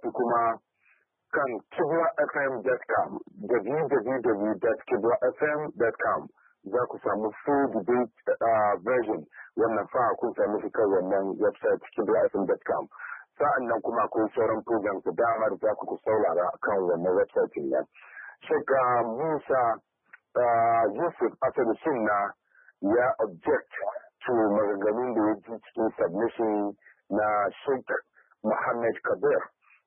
shafi kuma kan kibwafm.com www.kibwafm.com za ku samu full debate uh, version wannan fa kun sami shi kan wannan website kibwafm.com sa'an nan kuma akwai sauran programs da damar za ku saurara kan wannan website nan shiga uh, musa uh, yusuf asali sunna ya object to maganganun da ya ji cikin submission na sheikh muhammad kabir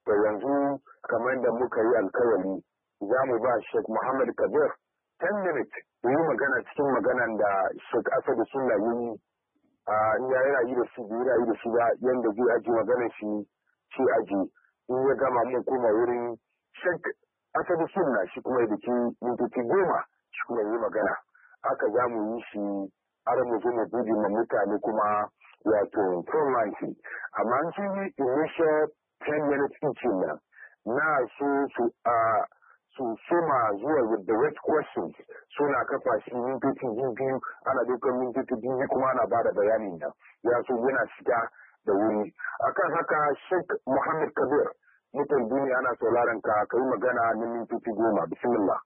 da yanzu kamar da muka yi alkawari za mu ba Sheikh Muhammad Kabir 10 minutes yi magana cikin magana da Sheikh Asadu Sunna yi in ya yana yi da su yana yi da su ba yanda zai aji magana shi shi aji in ya gama mun koma wurin Sheikh Asadu Sunna shi kuma ya biki mintoci goma shi kuma yi magana haka za mu yi shi har mu zo mu buɗe ma mutane kuma wato frontline amma an yi initial can wani tsinci na na so su a su soma zuwa with the right questions suna kafa shi mintoci biyu ana dokar mintoci biyu kuma ana bada bayani na ya so yana shiga da wuri akan haka sheikh muhammad kabir mutan duniya ana sauraron ka ka yi magana na mintoci goma bismillah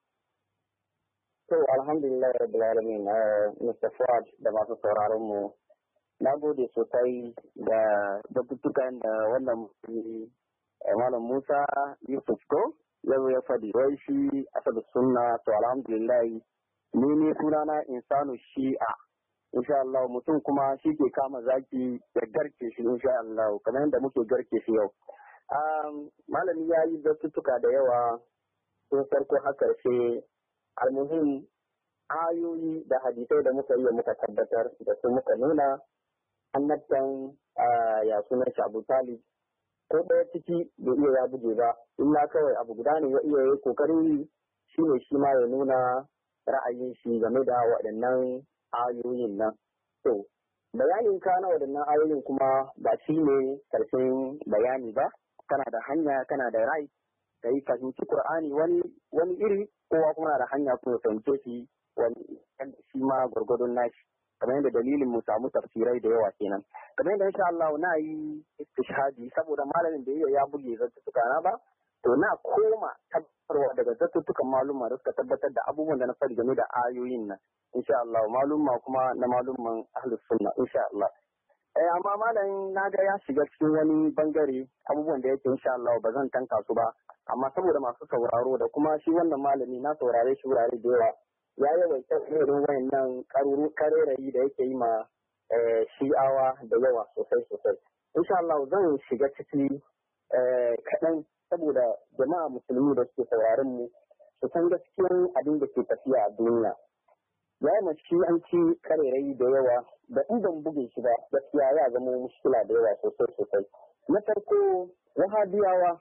to alhamdulillah rabbil alamin eh, mr fuad da masu sauraron mu na gode sosai da batutukan da wannan malam musa yusuf ko yau ya faɗi wai shi asali sunna to alhamdulillah ni ne sunana insanu shi'a insha Allah mutum kuma shi ke kama zaki ya garke shi insha Allah kamar yadda muke garke shi yau malami ya yi zattutuka da yawa sun farko har karshe almuhim ayoyi da hadisai da muka yi muka tabbatar da su muka nuna annabtan ya suna shi abu talib ko ɗaya ciki bai iya ya buge ba na kawai abu guda ne ya iya yi kokarin shi ne shi ma ya nuna ra'ayin shi game da waɗannan ayoyin nan to bayanin ka na waɗannan ayoyin kuma ba shi ne ƙarshen bayani ba kana da hanya kana da rai ka yi fahimci Kur'ani wani iri kowa kuma da hanya kuma fahimce shi wani shi ma gwargwadon nashi kamar yadda dalilin mu samu tafsirai da yawa kenan kamar yadda insha Allah na yi istishhadi saboda malamin da ya buge zattuka na ba to na koma tabbatarwa daga zattutukan maluma da suka tabbatar da abubuwan da na faɗi game da ayoyin nan insha Allah maluma kuma na maluman ahlus sunna insha Allah eh amma malamin na ga ya shiga cikin wani bangare abubuwan da yake insha Allah ba zan tanka su ba amma saboda masu sauraro da kuma shi wannan malami na saurare shi wurare da yawa ya wa irin wayannan karerayi da yake yi ma eh, shi'awa da yawa sosai sosai insha Allah zan shiga ciki eh, kaɗan saboda jama'a musulmi da suke sauraron mu su san gaskiyan abin da ke tafiya a duniya ya yi shi an ci karerayi da yawa da idan buge shi ba gaskiya ya zama mushkila da yawa sosai sosai na farko wahabiyawa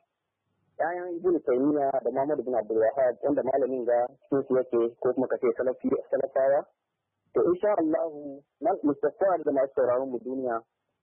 Ƴaƴan ibnu taymiya da muhammad bin abdul wanda malamin ga sun su yake ko kuma kace salafi salafawa to insha Allah mustafa da masu sauraron mu duniya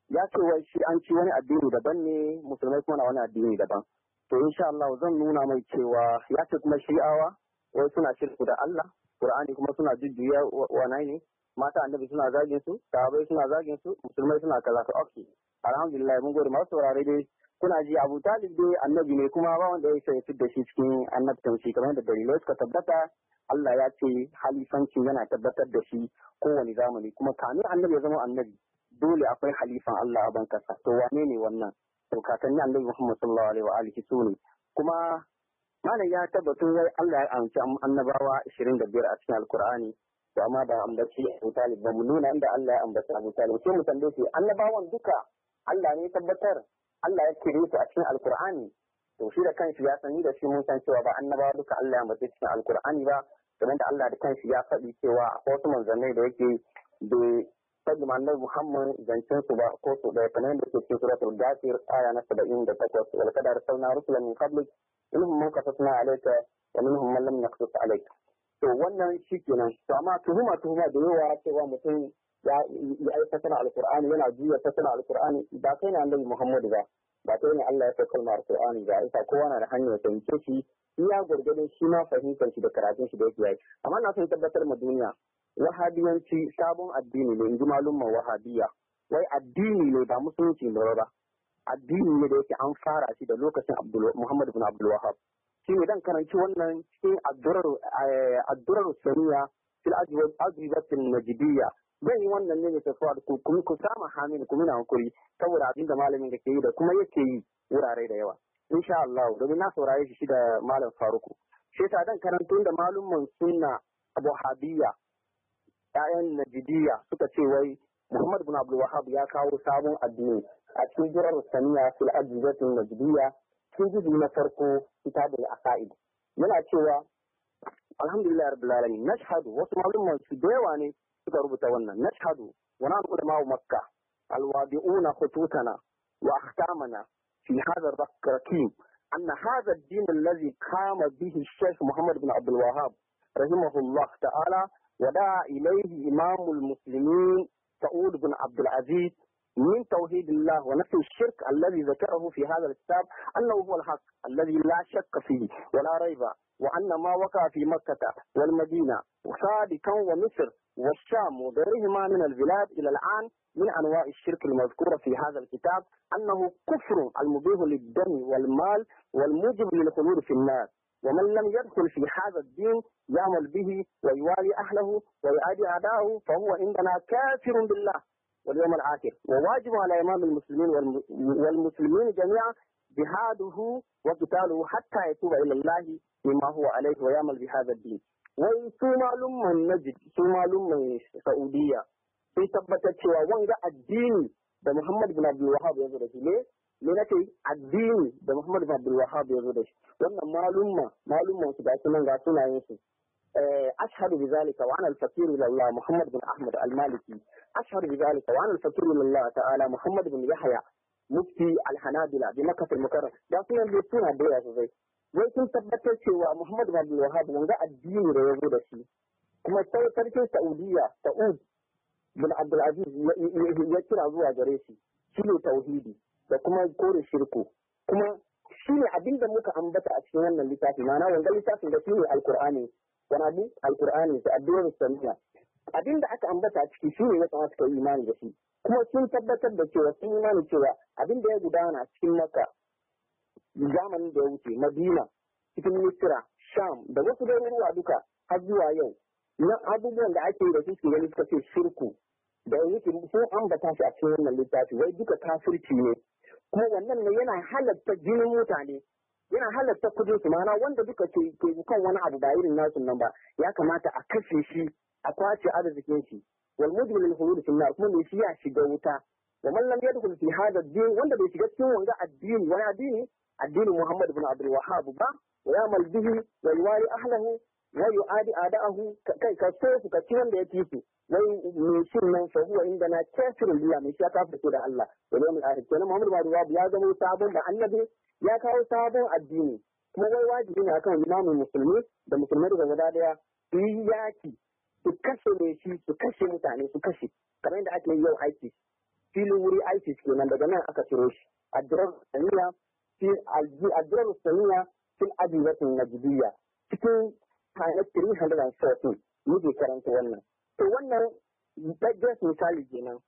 ya ce wai shi an ci wani addini daban ne musulmai kuma na wani addini daban to insha Allah zan nuna mai cewa ya ce kuma shi'awa wai suna shirku da Allah Qur'ani kuma suna jujjuya wa ne mata annabi suna zagin su sahabbai suna zagin su musulmai suna kaza to alhamdulillah mun gode masu saurare dai kuna ji abu talib dai annabi ne kuma ba wanda ya sai da shi cikin annabtan shi kamar da dalilai suka tabbata Allah ya ce halifancin yana tabbatar da shi kowane zamani kuma kamin annabi ya zama annabi dole akwai halifan Allah a ban kasa to wane ne wannan to kakanni annabi Muhammad sallallahu alaihi wa alihi su kuma malam ya tabbatar ya Allah ya amince annabawa 25 a cikin alkur'ani to amma ba ambaci Abu Talib ba mu nuna inda Allah ya ambaci Abu Talib sai mu tambaye shi annabawan duka Allah ne tabbatar Allah ya kire su a cikin alkur'ani to shi da kanshi ya sani da shi mun san cewa ba annabawa duka Allah ya mace cikin alkur'ani ba kamar da Allah da kanshi ya faɗi cewa akwai wasu manzannai da yake da faɗi annabi Muhammad zancen su ba ko su ɗaya kamar da ke cikin suratul Ghafir aya na 78 wal kadar sauna rusulan min qablik minhum man qasasna alayka wa minhum man lam naqsus alayka to wannan shi kenan to amma tuhuma tuhuma da yawa cewa mutum ya yi fasara alkur'ani yana juya ta fasara alkur'ani ba kai ne annabi muhammadu ba ba ta ne Allah ya saukar ma Qur'ani ga isa kowa na da hanyar fahimce shi iya gurgurin shi ma fahimtar shi da karatun shi da yake yi amma na san tabbatar ma duniya wahabiyanci sabon addini ne inji malumman wai addini ne ba musulunci ne ba addini ne da yake an fara shi da lokacin Muhammad bin Abdul Wahhab shi ne dan karanci wannan cikin addurar eh, addurar sariya fil ajwabatin najibiyya zan yi wannan ne mai Fuad ku ku sama hamin ku muna hankuri saboda abin da malamin da ke yi da kuma yake yi wurare da yawa insha Allah domin na saurare shi da malam Faruku shi ta dan karantun da malumman sunna Abu Habiya ƴaƴan Najidiya suka ce wai Muhammad bin Abdul Wahhab ya kawo sabon addini a cikin jirar Saniya fil Ajizatin Najidiya cikin jibi na farko kitabul Aqaid yana cewa alhamdulillah rabbil alamin nashhadu wasu malumman su da yawa ne suka rubuta wannan nashhadu wa nahnu ulama'u makka alwadi'una khututana wa ahkamana fi hadha ar-rakim أن هذا الدين الذي قام به الشيخ محمد بن عبد الوهاب رحمه الله تعالى ودعا إليه إمام المسلمين سعود بن عبد العزيز من توحيد الله ونفي الشرك الذي ذكره في هذا الكتاب أنه هو الحق الذي لا شك فيه ولا ريب وأن ما وقع في مكة والمدينة وصادقا ومصر والشام وغيرهما من البلاد إلى الآن من أنواع الشرك المذكورة في هذا الكتاب أنه كفر المبيح للدم والمال والموجب للخلود في النار ومن لم يدخل في هذا الدين يعمل به ويوالي أهله ويؤدي أعداءه فهو عندنا كافر بالله واليوم العاشر وواجب على إمام المسلمين والمسلمين جميعا جهاده وقتاله حتى يتوب إلى الله بما هو عليه ويعمل بهذا الدين وثم لما نجد ثم لما السعودية في تبتة شوى الدين بمحمد بن عبد الوهاب ليه؟ لنتي الدين بمحمد بن عبد الوهاب يزر وانا معلومة معلومة سبعة سنة غاتونا آه، أشهد بذلك وأنا الفقير الى الله محمد بن أحمد المالكي أشهد بذلك وأنا الفقير الى الله تعالى محمد بن يحيى مبتي الحنابلة بمكة المكرمة دا في أن يكون هذا يا ولكن تبتت شوى محمد بن عبد الوهاب وانجا الدين ريوغو دا كما تاوي تركي سعودية سعود بن عبد العزيز يكير عزوها جريسي شنو توحيدي وكما يكور الشركو كما شنو عبيدا موكا عمبتا أشياننا اللي تاتي مانا وانجا اللي تاتي دا القرآني ganabi alkur'ani da addu'ar samiya abin da aka ambata a ciki shine ya kamata ka imani da shi kuma sun tabbatar da cewa sun imani cewa abin da ya gudana a cikin maka zamanin da ya wuce madina cikin misira sham da wasu garuruwa duka har zuwa yau na abubuwan da ake da suke gani suka ce shirku da ya yake sun ambata shi a cikin wannan littafi wai duka kafirci ne kuma wannan ne yana halatta jinin mutane yana halatta kudin su mana wanda duka ke kan wani abu ba irin nasu nan ba ya kamata a kashe shi a kwace arzikin shi wal mujrimul hulud fil kuma shi ya shiga wuta wa man lam yadkhul fi hada din wanda bai shiga cikin wanga addini wani addini addinin Muhammad ibn Abdul Wahhab ba wa yamal bihi wa yuwari ahlahu wa yu'adi ada'ahu kai ka so ka ci wanda ya ci su nan mai cin nan fa huwa inda na kafirul biya mai ya kafirce da Allah da yau mai ahir kenan Muhammadu Buhari babu ya zama sabon da annabi ya kawo sabon addini kuma wai wajibi ne akan imamin musulmi da musulmai daga gaba daya su yi yaki su kashe ne shi su kashe mutane su kashe kamar yadda ake yau aiki filin wuri aiki kenan daga nan aka ciro shi addirar saniya addirar saniya fil adilatin najibiyya cikin kayan 314 muke karanta wannan to wannan ɗaggas misali kenan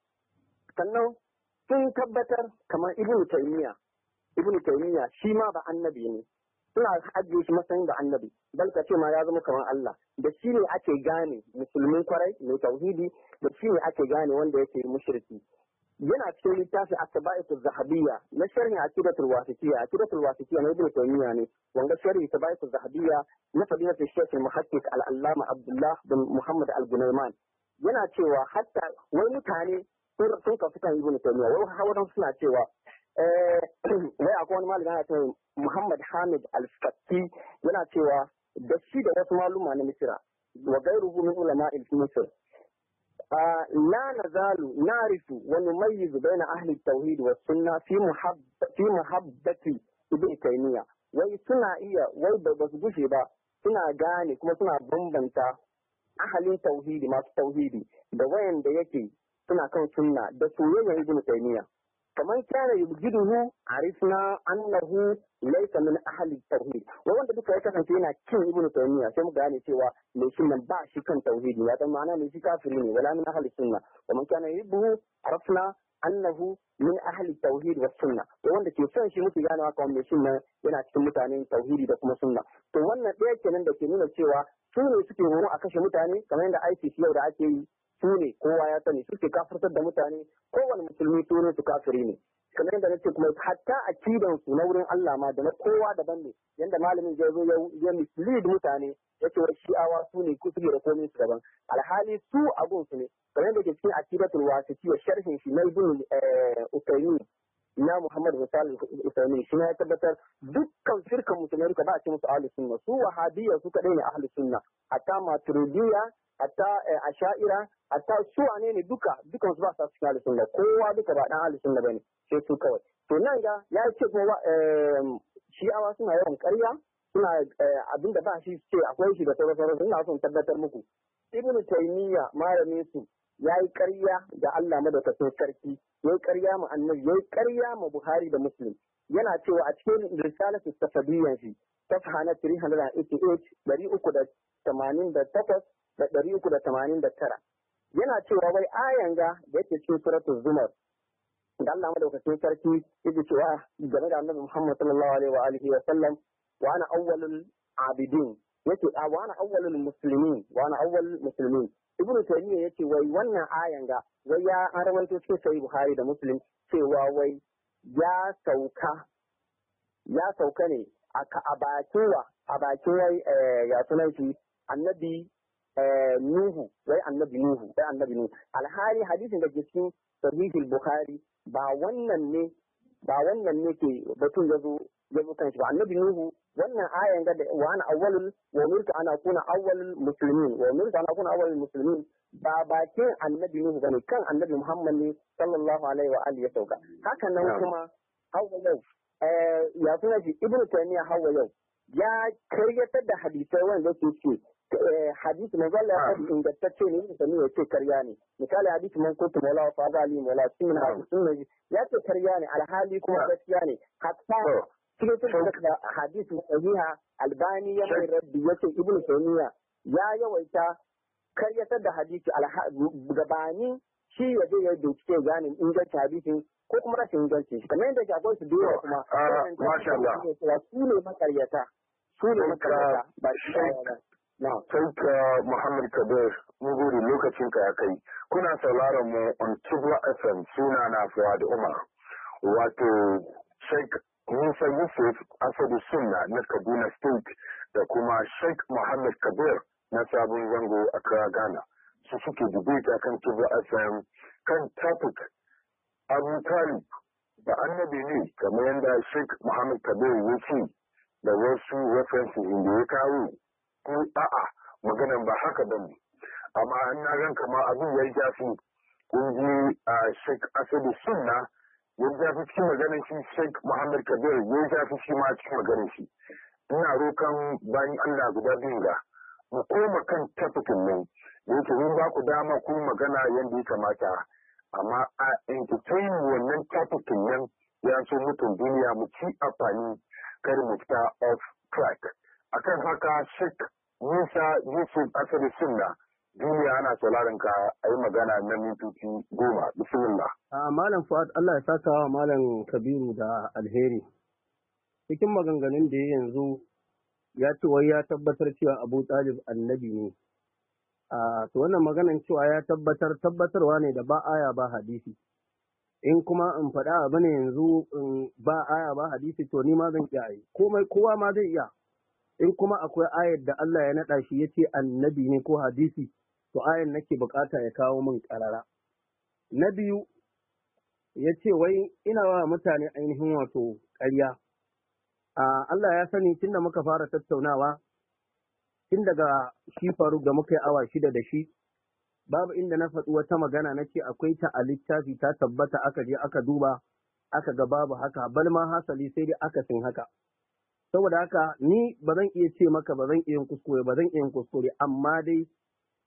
sannan sun tabbatar kamar ibn taymiya ibn taymiya shi ma ba annabi ne suna ajiye shi matsayin da annabi bal ka ce ma ya zama kamar Allah da shi ne ake gane musulmin kwarai mai tauhidi da shi ne ake gane wanda yake mushirki. yana cikin littafin at-taba'itu zahabiyya na sharhin aqidatul wasitiyya aqidatul wasitiyya na ibnu taymiya ne wanda sharhi taba'itu zahabiyya na fadilat shaykh al muhaddith al-allama abdullah bin muhammad al-gunayman yana cewa hatta wai mutane sun kafi kan ibnu taymiya wai hawadan suna cewa eh, wai akwai wani malami yana muhammad hamid al-fakki yana cewa da shi da wasu maluma na misira wa gairuhu min ulama al-misr لا نزال نعرف ونميز بين أهل التوحيد والسنة في محبة في محبة ابن تيمية wai suna iya wai ba su gushe ba suna gane kuma suna bambanta ahalin tauhidi masu tauhidi da wayanda yake suna kan sunna da soyayya ibnu taymiya kamar kana yubgiduhu arifna annahu laisa min ahalin tauhid wai wanda duka ya kasance yana kin ibnu taymiya sai mu gane cewa mai shi nan ba shi kan tauhidi ya zama ana ne shi kafiri ne wala min ahalin sunna kaman kana yubuhu arifna annahu min ahalin tauhid wa sunna to wanda ke son shi muke ganewa kamar mai shi nan yana cikin mutanen tauhidi da kuma sunna to wannan ɗaya kenan da ke nuna cewa su ne suke horo a kashe mutane kamar yadda aiki yau da ake yi su ne kowa ya sani suke kafirtar da mutane kowane musulmi su ne su kafiri ne kamar yadda na ce kuma hatta a kidan su na wurin Allah ma da na kowa daban ne yadda malamin ya zo ya mislead mutane ya ce shi'awa su ne ku suke da komai su daban alhali su abun su ne kamar yadda ke cikin akidatul wasiti wa sharhin shi na ibn eh, Utaymi na Muhammad Musal Utaymi shi ya tabbatar dukkan firkan musulmai ba a ce musu ahlus sunna su wahabiyya su kadai ne ahlus sunna A hatta maturidiyya hatta eh, a sha'ira hatta su wane ne duka dukan su ba sa cikin alisun da kowa duka ba dan alisun da bane sai su kawai to nan ga ya ce ko kuma eh, shi'awa suna yawan karya suna eh, abin da ba shi ce akwai shi da sauran suna son tabbatar muku ibnu taymiya malamin su ya yi ƙarya ga Allah madaukakin sarki ya yi ƙarya mu annabi ya yi ƙarya mu Buhari da Muslim yana cewa a cikin risalatu safadiyyan shi safha na 388 388 da ɗari uku da tamanin da tara. Yana cewa wai ayan ga da yake cikin suratu zumar. Da Allah madaukakin sarki yake cewa game da annabi Muhammad sallallahu alaihi wa alihi wa sallam wa ana awwalul abidin yake a wa ana awwalul muslimin wa ana awwal muslimin. Ibn Taymiyyah yake wai wannan ayan ga wai ya an rawaito cikin Sahih Buhari da Muslim cewa wai ya sauka ya sauka ne a bakin wa a bakin wai eh, ya sunan shi annabi Eh, Nuhu wai annabi Nuhu wai annabi Nuhu alhali hadisin da cikin sahihul Bukhari ba wannan ne ba wannan ne ke batun yazo yazo kan shi ba annabi Nuhu wannan ayan ga wa ana awwalul wa umirtu ana kuna awwalul muslimin wa umirtu ana kuna awwalul muslimin ba bakin annabi Nuhu bane kan annabi Muhammad ne sallallahu alaihi wa alihi ya sauka haka nan kuma hawa yau eh ya suna shi ibnu taymiya hawa yau ya karyatar da hadisai wanda suke eh, hadisi mai zalla ya faɗi ingantacce ne da ya yace karya ne misali hadisi man mola wa fa ali mawla sunna sunna ya ce karya ne alhali kuma gaskiya ne hatta cikin cikin da hadisi sahiha albani ya mai rabbi ya ce ibnu taymiya ya yawaita karyatar da hadisi gabani shi ya je ya bincike ganin ingancin hadisin ko kuma rashin inganci kamar yadda akwai su dole kuma ah, ah, masha Allah su ne makaryata su ne makaryata ba shi na sauka Muhammad Kabir mun gode lokacin ka ya kai kuna sauraron mu on Tubla FM suna na Fuad Umar wato Sheikh Musa Yusuf Asadu Sunna na Kaduna State da kuma Sheikh Muhammad Kabir na sabon zango a Ghana su suke dubita akan Tubla FM kan topic abu talib da annabi ne kamar yadda sheikh muhammad kabir ya ce da wasu references inda ya kawo ko a'a maganan ba haka ba ne amma an na ran kama abin ya yi jafi kun ji a sheikh asadu sunna ya jafi cikin maganin shi sheikh muhammad kabir ya jafi shi ma cikin maganin shi ina rokan bayan allah guda biyu ga mu koma kan tafikin nan yake mun ba ku dama ku magana yadda ya kamata amma a entertain wannan capital nan ya so mutum duniya mu ci amfani kar mu fita off track akan haka shek musa yusuf asali sunna duniya ana sauraron ka a yi magana na mintoci goma bismillah a malam fuad allah ya saka wa malam kabiru da alheri cikin maganganun da ya yanzu ya ce wai ya tabbatar cewa abu talib annabi ne a to wannan maganan cewa ya tabbatar tabbatarwa ne da ba aya ba hadisi in kuma in faɗa abu ne yanzu in ba aya ba hadisi to ni ma zan iya komai kowa ma zai iya in kuma akwai ayar da Allah ya naɗa shi ya ce annabi ne ko hadisi to ayar nake bukata ya kawo min karara na biyu yace wai ina wa mutane ainihin wato ƙarya Allah ya sani tunda muka fara tattaunawa tun daga shi faru da muka yi awa shida da shi babu inda na faɗi wata magana na ce akwai ta a littafi ta tabbata aka je aka duba aka ga babu haka bal ma hasali sai dai aka sin haka saboda haka ni ba zan iya ce maka ba zan iya kuskure ba zan iya kuskure amma dai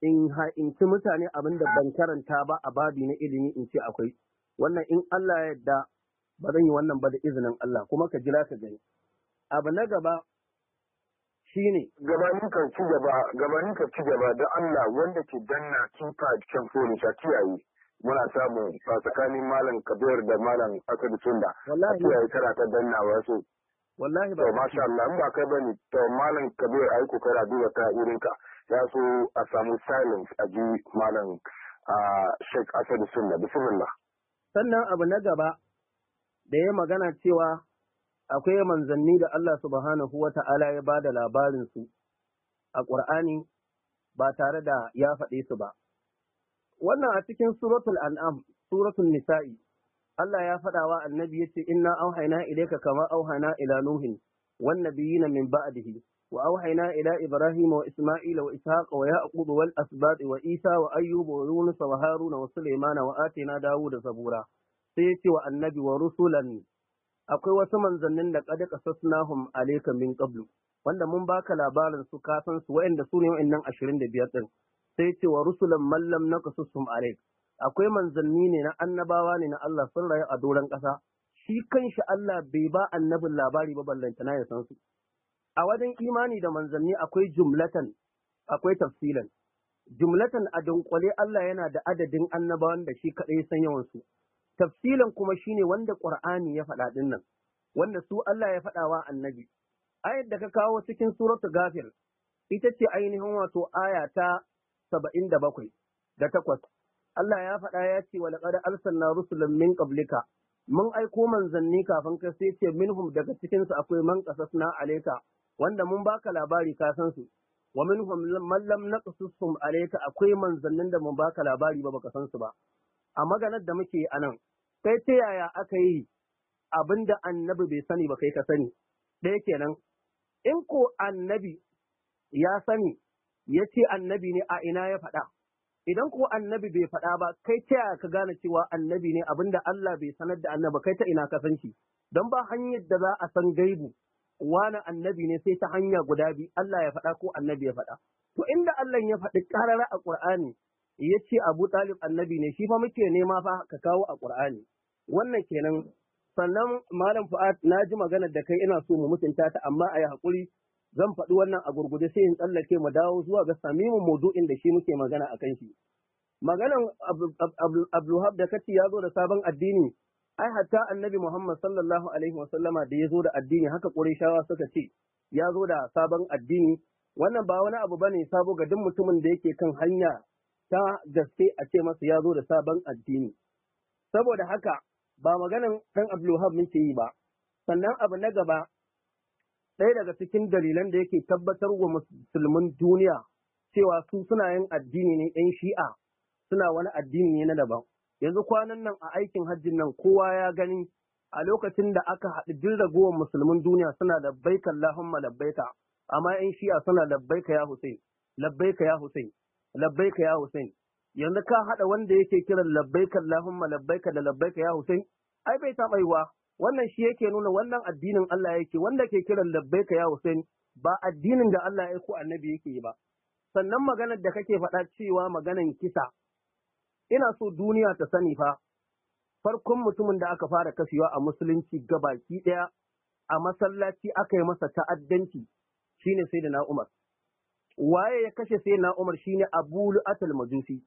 in ha in ci mutane abin da ban karanta ba a babi na ilimi in ce akwai wannan in Allah ya yarda ba zan yi wannan ba da izinin Allah kuma ka jira ka gani abu na gaba shine gabanin ci gaba gabanin ka ci gaba da Allah wanda ke danna kifa cikin fori ta kiyaye muna samu a tsakanin malam Kabir da malam Asad Tunda wallahi kiyaye tara ta danna wasu wallahi ba masha Allah in ba kai bane to malam Kabir ayi kokari a duba ta irin ka ya so a samu silence a ji malam Sheikh Asad Sunna bismillah sannan abu na gaba da ya magana cewa akwai manzanni da Allah subhanahu wa ta'ala ya ba da labarinsu a ƙur'ani ba tare da ya faɗe su ba. Wannan a cikin suratul an'am, suratul nisa'i, Allah ya faɗawa annabi ya ce, Inna auhaina ilaika kama auhaina ila Nuhin, wan na min ba'dihi, wa auhaina ila Ibrahim wa Isma'il wa Ishaq wa Yaqub wal asbat wa Isa wa Ayyub wa Yunus wa Haruna wa Sulaimana wa atina Dawud da Zabura. Sai ya ce wa annabi wa rusulan akwai wasu manzannin da qad qasasnahum alayka min qablu wanda mun baka labarin su ka san su wa'anda su ne wa'annan 25 din sai ce wa rusulan mallam kasasum alayk akwai manzanni ne na annabawa ne na Allah sun rayu a doron kasa shi kanshi Allah bai ba annabin labari ba ballanta na ya san su a wajen imani da manzanni akwai jumlatan akwai tafsilan jumlatan a dunkule Allah yana da adadin annabawan da shi kaɗai san yawan su tafsilan kuma shine wanda Qur'ani ya faɗa din nan wanda su Allah ya faɗawa annabi ayar da ka kawo cikin suratu gafir ita ce ainihin wato aya ta saba'in da bakwai da takwas Allah ya faɗa ya ce wa laqad arsalna rusulan min qablika mun aiko manzanni kafin ka sai ce minhum daga cikin su akwai man qasasna alayka wanda mun baka labari ka san su wa minhum man lam naqsusum alayka akwai manzannin da mun baka labari ba baka san su ba a maganar da muke a nan. kai ta yaya aka yi abin da annabi bai sani ba kai ka sani ɗaya kenan in ko annabi ya sani ya ce annabi ne a ina ya faɗa idan ko annabi bai faɗa ba kai ta yaya ka gane cewa annabi ne abin da Allah bai sanar da annabi kai ta ina ka san shi don ba hanyar da za a san gaibu wani annabi ne sai ta hanya guda biyu Allah ya faɗa ko annabi ya faɗa to inda Allah ya faɗi ƙarara a Ƙur'ani ya ce Abu Talib annabi ne shi fa muke nema fa ka kawo a ƙur'ani. wannan kenan sannan malam Fuad na ji maganar da kai ina so mu mutunta ta amma a yi hakuri zan faɗi wannan a gurguje sai in tsallake mu dawo zuwa ga samimin maudu'in da shi muke magana a kan shi maganan Abdulhab da kace ya zo da sabon addini ai hatta annabi Muhammad sallallahu alaihi wasallama da ya zo da addini haka Qurayshawa suka ce ya zo da sabon addini wannan ba wani abu bane sabo ga duk mutumin da yake kan hanya ta gaske a ce masa ya zo da sabon addini. Saboda haka ba maganan ɗan abdulhab muke yi ba, sannan abu na gaba ɗaya daga cikin dalilan da yake tabbatar wa musulmin duniya cewa su suna yin addini ne ‘yan shi'a suna wani addini ne na daban. Yanzu kwanan nan a aikin hajjin nan kowa ya gani a lokacin da aka haɗu duk ragowar musulmin duniya suna labbaika Allahumma labbaika amma ‘yan shi'a suna labbaika ya Hussein labbaika ya Hussein labbaika ya Hussein yanzu ka haɗa wanda yake kiran labbaika Allahumma labbaika da labbaika ya Hussein ai bai taɓa yiwa wannan shi yake nuna wannan addinin Allah yake wanda ke kiran labbaika ya Hussein ba addinin da Allah ya ko annabi yake yi ba sannan maganar da kake faɗa cewa maganan kisa ina so duniya ta sani fa farkon mutumin da aka fara kashewa a musulunci gabaki ɗaya a masallaci aka yi masa ta'addanci shine sai da na Umar waye ya kashe sai na Umar shine Abu Atal Majusi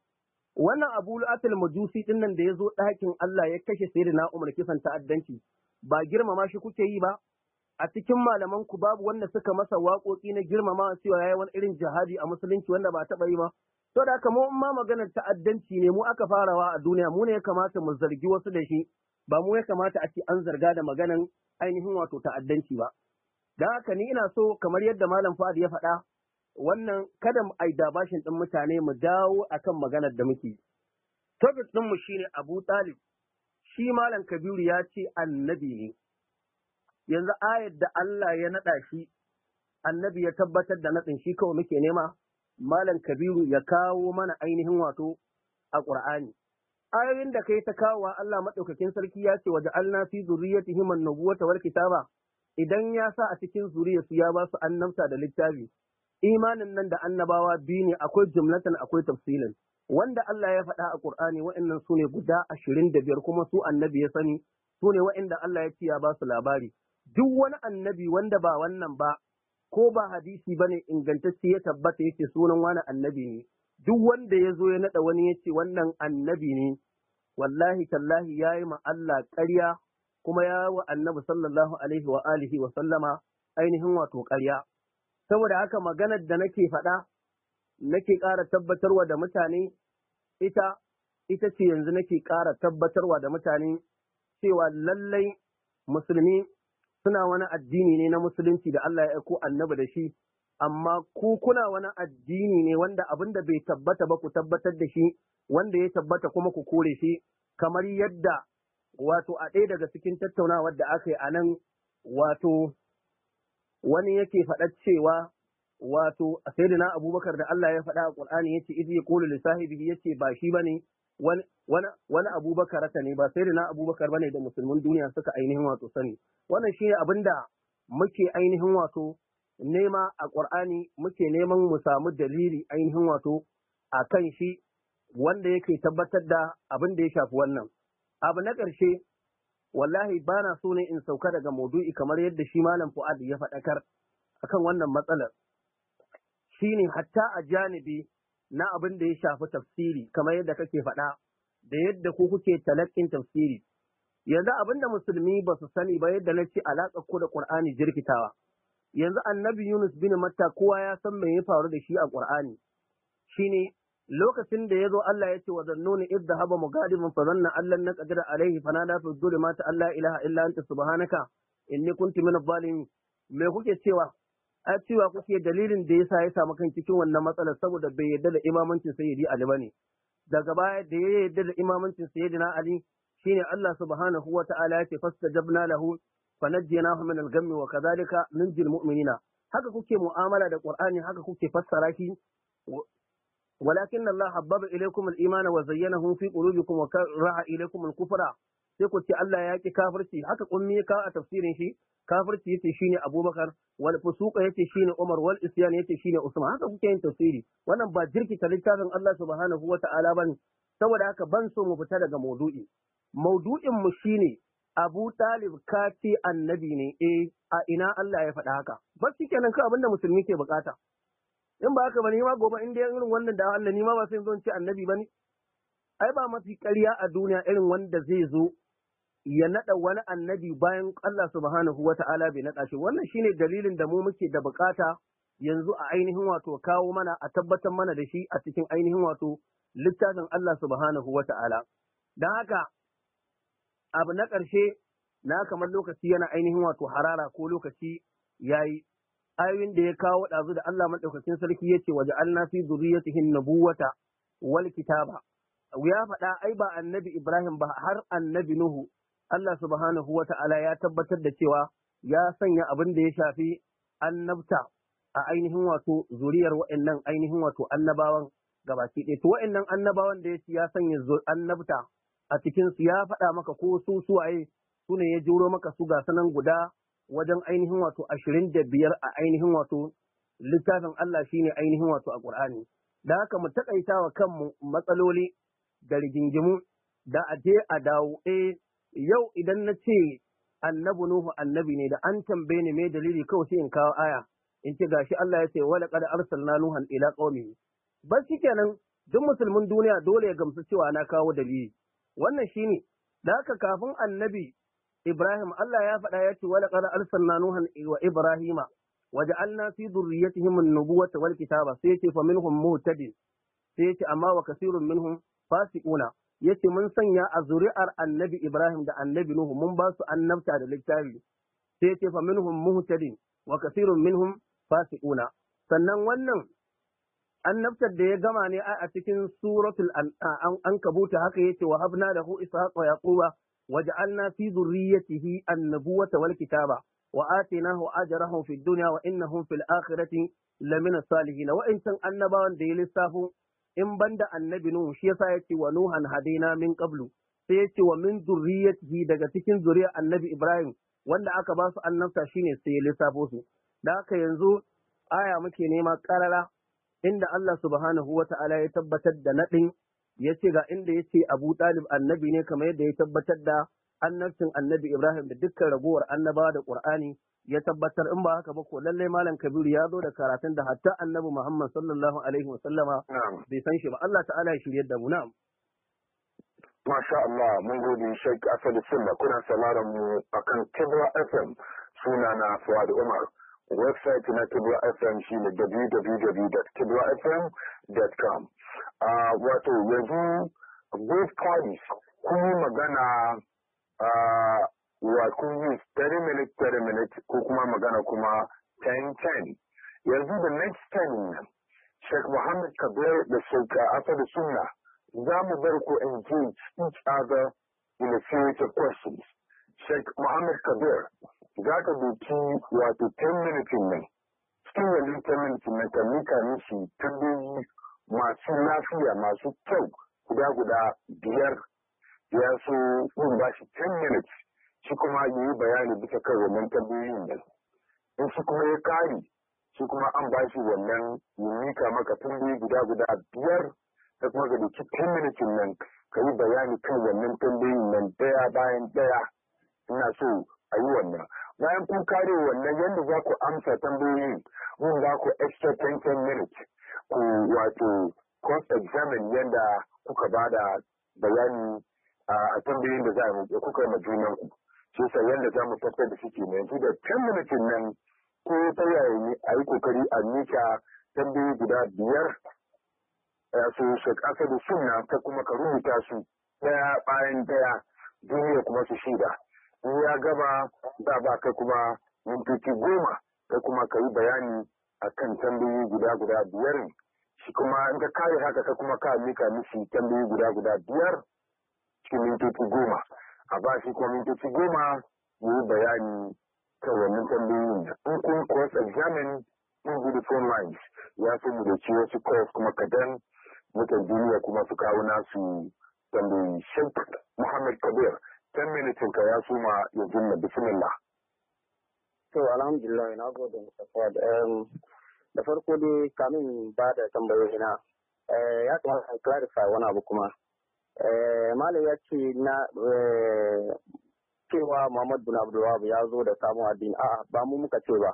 wannan Abu Atal Majusi din nan da ya zo ɗakin Allah ya kashe sai da na Umar kisan ta'addanci ba girmama shi kuke yi ba a cikin malaman ku babu wanda suka masa waƙoƙi na girmama cewa yayi wani irin jihadi a musulunci wanda ba taɓa yi ba to da haka mu ma maganar ta'addanci ne mu aka farawa a duniya mu ne ya kamata mu zargi wasu da shi ba mu ya kamata a ci an zarga da maganan ainihin wato ta'addanci ba. Don haka ni ina so kamar yadda Malam Fuad ya faɗa wannan kada mu aida bashin ɗin mutane mu dawo akan maganar da muke. din mu shine Abu Talib, shi Malam Kabiru ya ce annabi ne, yanzu ayar da Allah ya naɗa shi, annabi ya tabbatar da natsin shi kawai muke nema, Malam Kabiru ya kawo mana ainihin wato a Ƙur'ani. Ayoyin da kai ta kawo Allah maɗaukakin sarki ya ce waje alna fi zuriyatihim an-nubuwata wal kitaba idan ya sa a cikin zuriyarsu ya ba su annabta da littafi imanin nan da annabawa biyu ne akwai jumlatan akwai tafsilin wanda Allah ya faɗa a Qur'ani wa'annan su ne guda ashirin da biyar kuma su annabi ya sani su ne wa'anda Allah ya ce ya ba su labari duk wani annabi wanda ba wannan ba ko ba hadisi bane ingantacce ya tabbata yake sunan wani annabi ne duk wanda ya zo ya naɗa wani ya ce wannan annabi ne wallahi tallahi ya yi ma Allah ƙarya kuma ya wa annabi sallallahu alaihi wa alihi wa sallama ainihin wato ƙarya saboda haka maganar da nake faɗa nake ƙara tabbatarwa da mutane ita ita ce yanzu nake ƙara tabbatarwa da mutane cewa lallai musulmi suna wani addini ne na musulunci da Allah ya aiko annabi da shi amma ku kuna wani addini ne wanda abin da bai tabbata ba ku tabbatar da shi wanda ya tabbata kuma ku kore shi kamar yadda wato a ɗaya daga cikin tattaunawar da aka yi a nan wato wani yake faɗa cewa wato sayyidina abubakar da Allah ya faɗa a qur'ani yace idh yaqulu li sahibihi yace ba shi bane wani wani abubakar ta ne ba sayyidina abubakar bane da musulmin duniya suka ainihin wato sani wannan shine da muke ainihin wato nema a ƙur'ani muke neman mu samu dalili ainihin wato akan shi wanda yake tabbatar da abin da ya shafi wannan abu na ƙarshe wallahi ba na so ne in sauka daga maudu'i kamar yadda shi malam fu'ad ya faɗakar akan wannan matsalar shine hatta a janibi na abin da ya shafi tafsiri kamar yadda kake faɗa da yadda ku kuke talakin tafsiri yanzu abin da musulmi ba su sani ba yadda na ce alaƙa ko da ƙur'ani jirkitawa yanzu annabi yunus bin matta kowa ya san me ya faru da shi a ƙur'ani shine lokacin da ya zo Allah ya ce wa zannuni idda haba mugadibin fa zanna allan na qadira alaihi fa nada fi dhulumati alla ilaha illa anta subhanaka inni kunti min zalimin me kuke cewa a cewa kuke dalilin da yasa ya samu kan cikin wannan matsalar saboda bai yarda da imamancin sayyidi Ali bane daga baya da ya yarda da imamancin sayyidina Ali shine Allah subhanahu wa ta'ala ya ce fastajabna lahu fa najjaynahu min al-ghammi wa kadhalika nunjil mu'minina haka kuke mu'amala da Qur'ani haka kuke fassara shi walakin Allah habbaba ilaikum al-iman wa zayyanahu fi qulubikum wa ilaikum al-kufra sai ku ce Allah ya ki kafirci haka kummi ka a tafsirin shi kafirci yace shine Abubakar wal fusuqa yace shine Umar wal isyan yace shine Usman haka kuke yin tafsiri wannan ba jirkita littafin Allah subhanahu wa ta'ala bane saboda haka ban so mu fita daga maudu'i maudu'in mu shine Abu Talib ka ce annabi ne eh a ina Allah ya faɗa haka ba kenan ka abinda musulmi ke bukata in ba haka ba ni ma gobe in dai irin wannan da Allah ni ma ba sai zo ce annabi bane ai ba mafi ƙarya a duniya irin wanda zai zo ya naɗa wani annabi bayan Allah subhanahu wa ta'ala bai naɗa shi wannan shine dalilin da mu muke da bukata yanzu a ainihin wato kawo mana a tabbatar mana da shi a cikin ainihin wato littafin Allah subhanahu wa ta'ala haka abu na ƙarshe na kamar lokaci yana ainihin wato harara ko lokaci yayi ayoyin da ya kawo ɗazu da Allah maɗaukakin sarki ya ce waje an fi zuriyatihin nabuwata wal kitaba ya faɗa ai ba annabi Ibrahim ba har annabi Nuhu Allah subhanahu wa ta'ala ya tabbatar da cewa ya sanya abin da ya shafi annabta a ainihin wato zuriyar wa'annan ainihin wato annabawan gabaki ɗaya to wa'annan annabawan da ya ci ya sanya annabta a cikin su ya faɗa maka ko su suwaye su ne ya juro maka su ga sanan guda wajen ainihin wato ashirin da biyar a ainihin wato littafin Allah shine ainihin wato a Ƙur'ani. Da haka mu taƙaita wa kanmu matsaloli da rigingimu da a je a dawo e yau idan na ce annabi Nuhu annabi ne da an tambaye ni me dalili kawai sai in kawo aya in ce gashi Allah ya ce wala qad arsalna nuhan ila qaumi ba kenan duk musulmin duniya dole ya gamsu cewa na kawo dalili wannan shine da haka kafin annabi Ibrahim Allah ya faɗa ya ce wa laqad arsalna nuhan wa ibrahima wa ja'alna fi dhurriyyatihim an-nubuwata wal kitaba sai yace fa minhum muhtadin sai ce amma wa kasirun minhum fasiquna yace mun sanya a zuri'ar annabi Ibrahim da annabi Nuhu mun ba su annabta da littafi sai ce fa minhum muhtadin wa kasirun minhum fasiquna sannan wannan annabtar da ya gama ne a cikin suratul an kabuta haka yace wa habna lahu ishaqa yaquba waj'alna fi dhurriyyatihi an-nubuwata wal kitaba wa atinahu ajrahum fid dunya wa innahum fil akhirati lamina salihi. Na in annabawan da ya lissafo in banda annabi nuhu shi yasa yace wa nuhan hadaina min qablu sai yace wa min dhurriyyatihi daga cikin zuriyar annabi ibrahim wanda aka basu su annabta shine sai ya lissafo su da haka yanzu aya muke nema karara inda Allah subhanahu wa ta'ala ya tabbatar da naɗin ya ce ga inda ya ce abu ɗalib annabi ne kamar yadda ya tabbatar da annabcin annabi ibrahim da dukkan ragowar annabawa da ƙur'ani ya tabbatar in ba haka ba ko lallai malam kabiru ya zo da karatun da hatta annabi muhammad sallallahu alaihi wa sallama bai san shi ba allah ta'ala ya shirye da mu na'am Masha Allah, mun gode Sheikh Asadu Sunna kuna sauraron mu akan Kibra FM sunana Fuad Umar. website na Kibra FM shi ne www.kibrafm.com. Ah, wato yanzu both parties kun yi magana ah, wa kun yi 30 minutes 30 minutes ko kuma magana kuma 10-10. Yanzu "The next 10 Sheikh Muhammad Kabir da Sheikh Asa da Sunna za mu bar ku engage each other in a series of questions. Sheikh Muhammad Kabir, za ka doki wato 10 minutes nan cikin wannan 10 minutes nan ka mika mishi tambayi masu lafiya masu kyau guda guda biyar ya so kun ba shi 10 minutes shi kuma yi bayani bisa kan wannan tambayoyin nan in shi kuma ya kare shi kuma an ba shi wannan ya mika maka tambayi guda guda biyar da kuma ga doki 10 minutes nan ka yi bayani kan wannan tambayoyin nan daya bayan daya ina so a yi wannan bayan kun kare wannan yadda za ku amsa tambayoyin mun za ku extra tension minutes ku wato cross examine yadda kuka ba da bayani a tambayoyin da za a yi kuka ma junan ku sai sa yadda za mu tattar da suke ne yanzu da 10 minutes nan ko ta yaya a yi kokari a mika tambayoyi guda biyar su su kasa da sunna ta kuma ka rubuta su daya bayan daya duniya kuma su shida in ya gaba da ba kai kuma mintoci goma kai kuma ka yi bayani akan tambayoyi guda guda biyar shi kuma in ka kare haka ka kuma ka mika mishi tambayoyi guda guda biyar cikin mintoci goma a ba shi kuma mintoci goma ya yi bayani kan wannan tambayoyin in kun cross examine in gudu phone lines ya fi mu da ci wasu calls kuma kadan mutan duniya kuma su kawo nasu tambayoyi shek muhammad kabir 10 minitin ka ya suma ya na bismillah to alhamdulillah na gode Mustafa um, da farko dai kamin ba da tambayoyi na eh, ya kamata clarify wani abu kuma eh, malam ya ce na eh, cewa Muhammad bin Abdul ya zo da samun addini a ba mu muka ce ba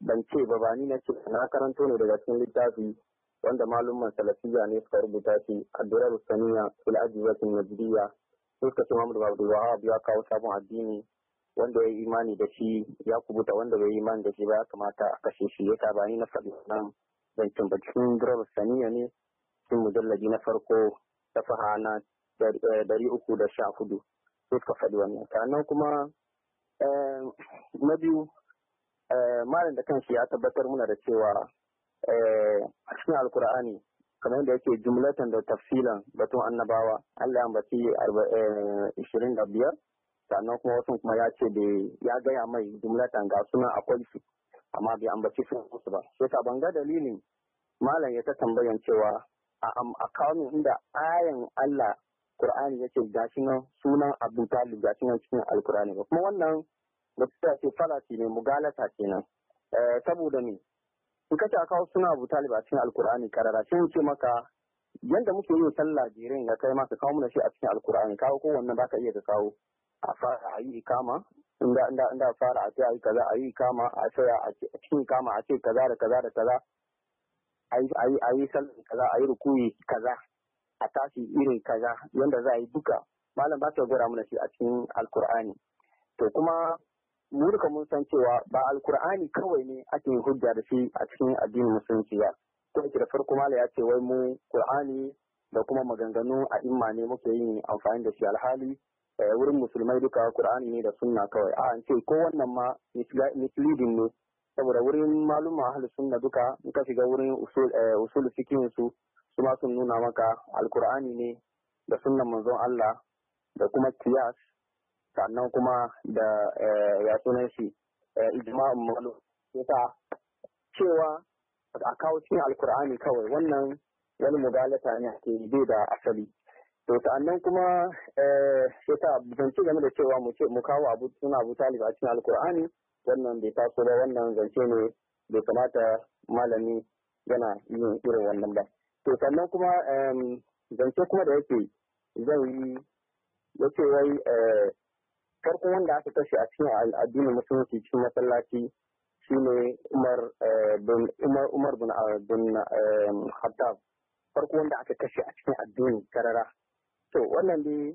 ban ce ba ba ni na ce na karanto ne daga cikin littafi wanda malumman salafiya ne suka rubuta shi Abdurrahman Saniya fil Ajibatin Najdiyya suka ce Muhammadu Abdul Wahab ya kawo sabon addini wanda ya yi imani da shi ya kubuta wanda bai yi imani da shi ba ya kamata a kashe shi ya ba ni na faɗi nan zancen ba cikin durar saniya ne mu mujallaji na farko ta faha na eh, dari uku da sha hudu sai suka faɗi wannan sannan kuma eh, na biyu eh, malam da kanshi ya tabbatar muna da cewa a cikin alkur'ani kamar yadda yake jumlatan da tafsilan batun annabawa Allah ya ambaci 25 eh, da biyar sannan kuma wasu kuma ya ce da ya gaya mai jumlatan ga suna akwai su amma bai ambaci su musu ba sai ka banga dalilin malam ya ta tambayan cewa a am akawun inda ayan Allah Qur'ani yake gashi nan sunan Abu Talib gashi nan cikin Alqur'ani ba kuma wannan da ta ce falasi ne mugalata kenan eh, saboda ne in kace a kawo suna Abu Talib a cikin Alkur'ani karara sai wuce maka yanda muke yi sallah jerin ya kai ma ka kawo mana shi a cikin Alkur'ani kawo ko wannan ka iya ka kawo a fara a yi ikama inda inda inda fara a ce a yi kaza a yi ikama a ce a cikin ikama a ce kaza da kaza da kaza a yi sallah kaza a yi rukuyi kaza a tashi irin kaza yanda za a yi duka malam ba ta gwada mana shi a cikin Alkur'ani to kuma mu duka mun san cewa ba alkur'ani kawai ne ake hujja da shi a cikin addinin musulunci ba ko da farko mala ya ce wai mu qur'ani da kuma maganganu a imma ne muke yin amfani da shi alhali eh, wurin musulmai duka qur'ani ne da sunna kawai a ce ko wannan ma misleading ne saboda wurin maluma ahli sunna duka in ka shiga wurin usul eh, usul fikihin su su ma sun nuna maka alkur'ani ne da sunnan manzon Allah da kuma kiyas sannan kuma da eh, ya sunan shi eh, ijma'un malu ta cewa a kawo cikin alkur'ani kawai wannan wani mugalata ne ke bai da asali to sannan kuma ta eh, zance game da cewa mu ce mu kawo abu suna abu talib a cikin alkur'ani wannan bai taso ba wannan zance ne bai kamata malami yana yin irin wannan ba to sannan kuma zance kuma da yake zan yi ya ce wai farko wanda aka kashe a cikin addinin musulunci cikin masallaci shine Umar eh, bin Umar Umar bin ah, eh, Khattab farko wanda aka kashe a cikin addini karara to wannan dai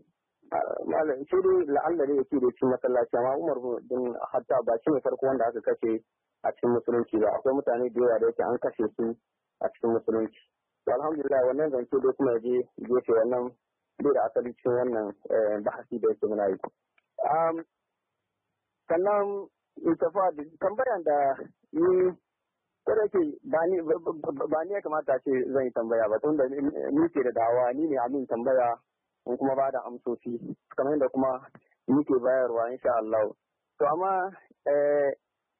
ah, malam shi dai la'alla dai yake da cikin masallaci amma Umar bin Khattab ba shine farko wanda aka kashe a cikin musulunci ba akwai mutane da yawa da yake an kashe su a cikin musulunci to alhamdulillah wannan zance dai kuma je gefe wannan bai da asali cikin wannan eh, bahasi da yake muna yi Um, sannan tafa tambayan da ni kada ke ba ni ya kamata ce zan yi tambaya ba da ni ke da dawa ni ne amin tambaya in kuma ba da amsoshi kamar yadda kuma ni ke bayarwa insha Allah to amma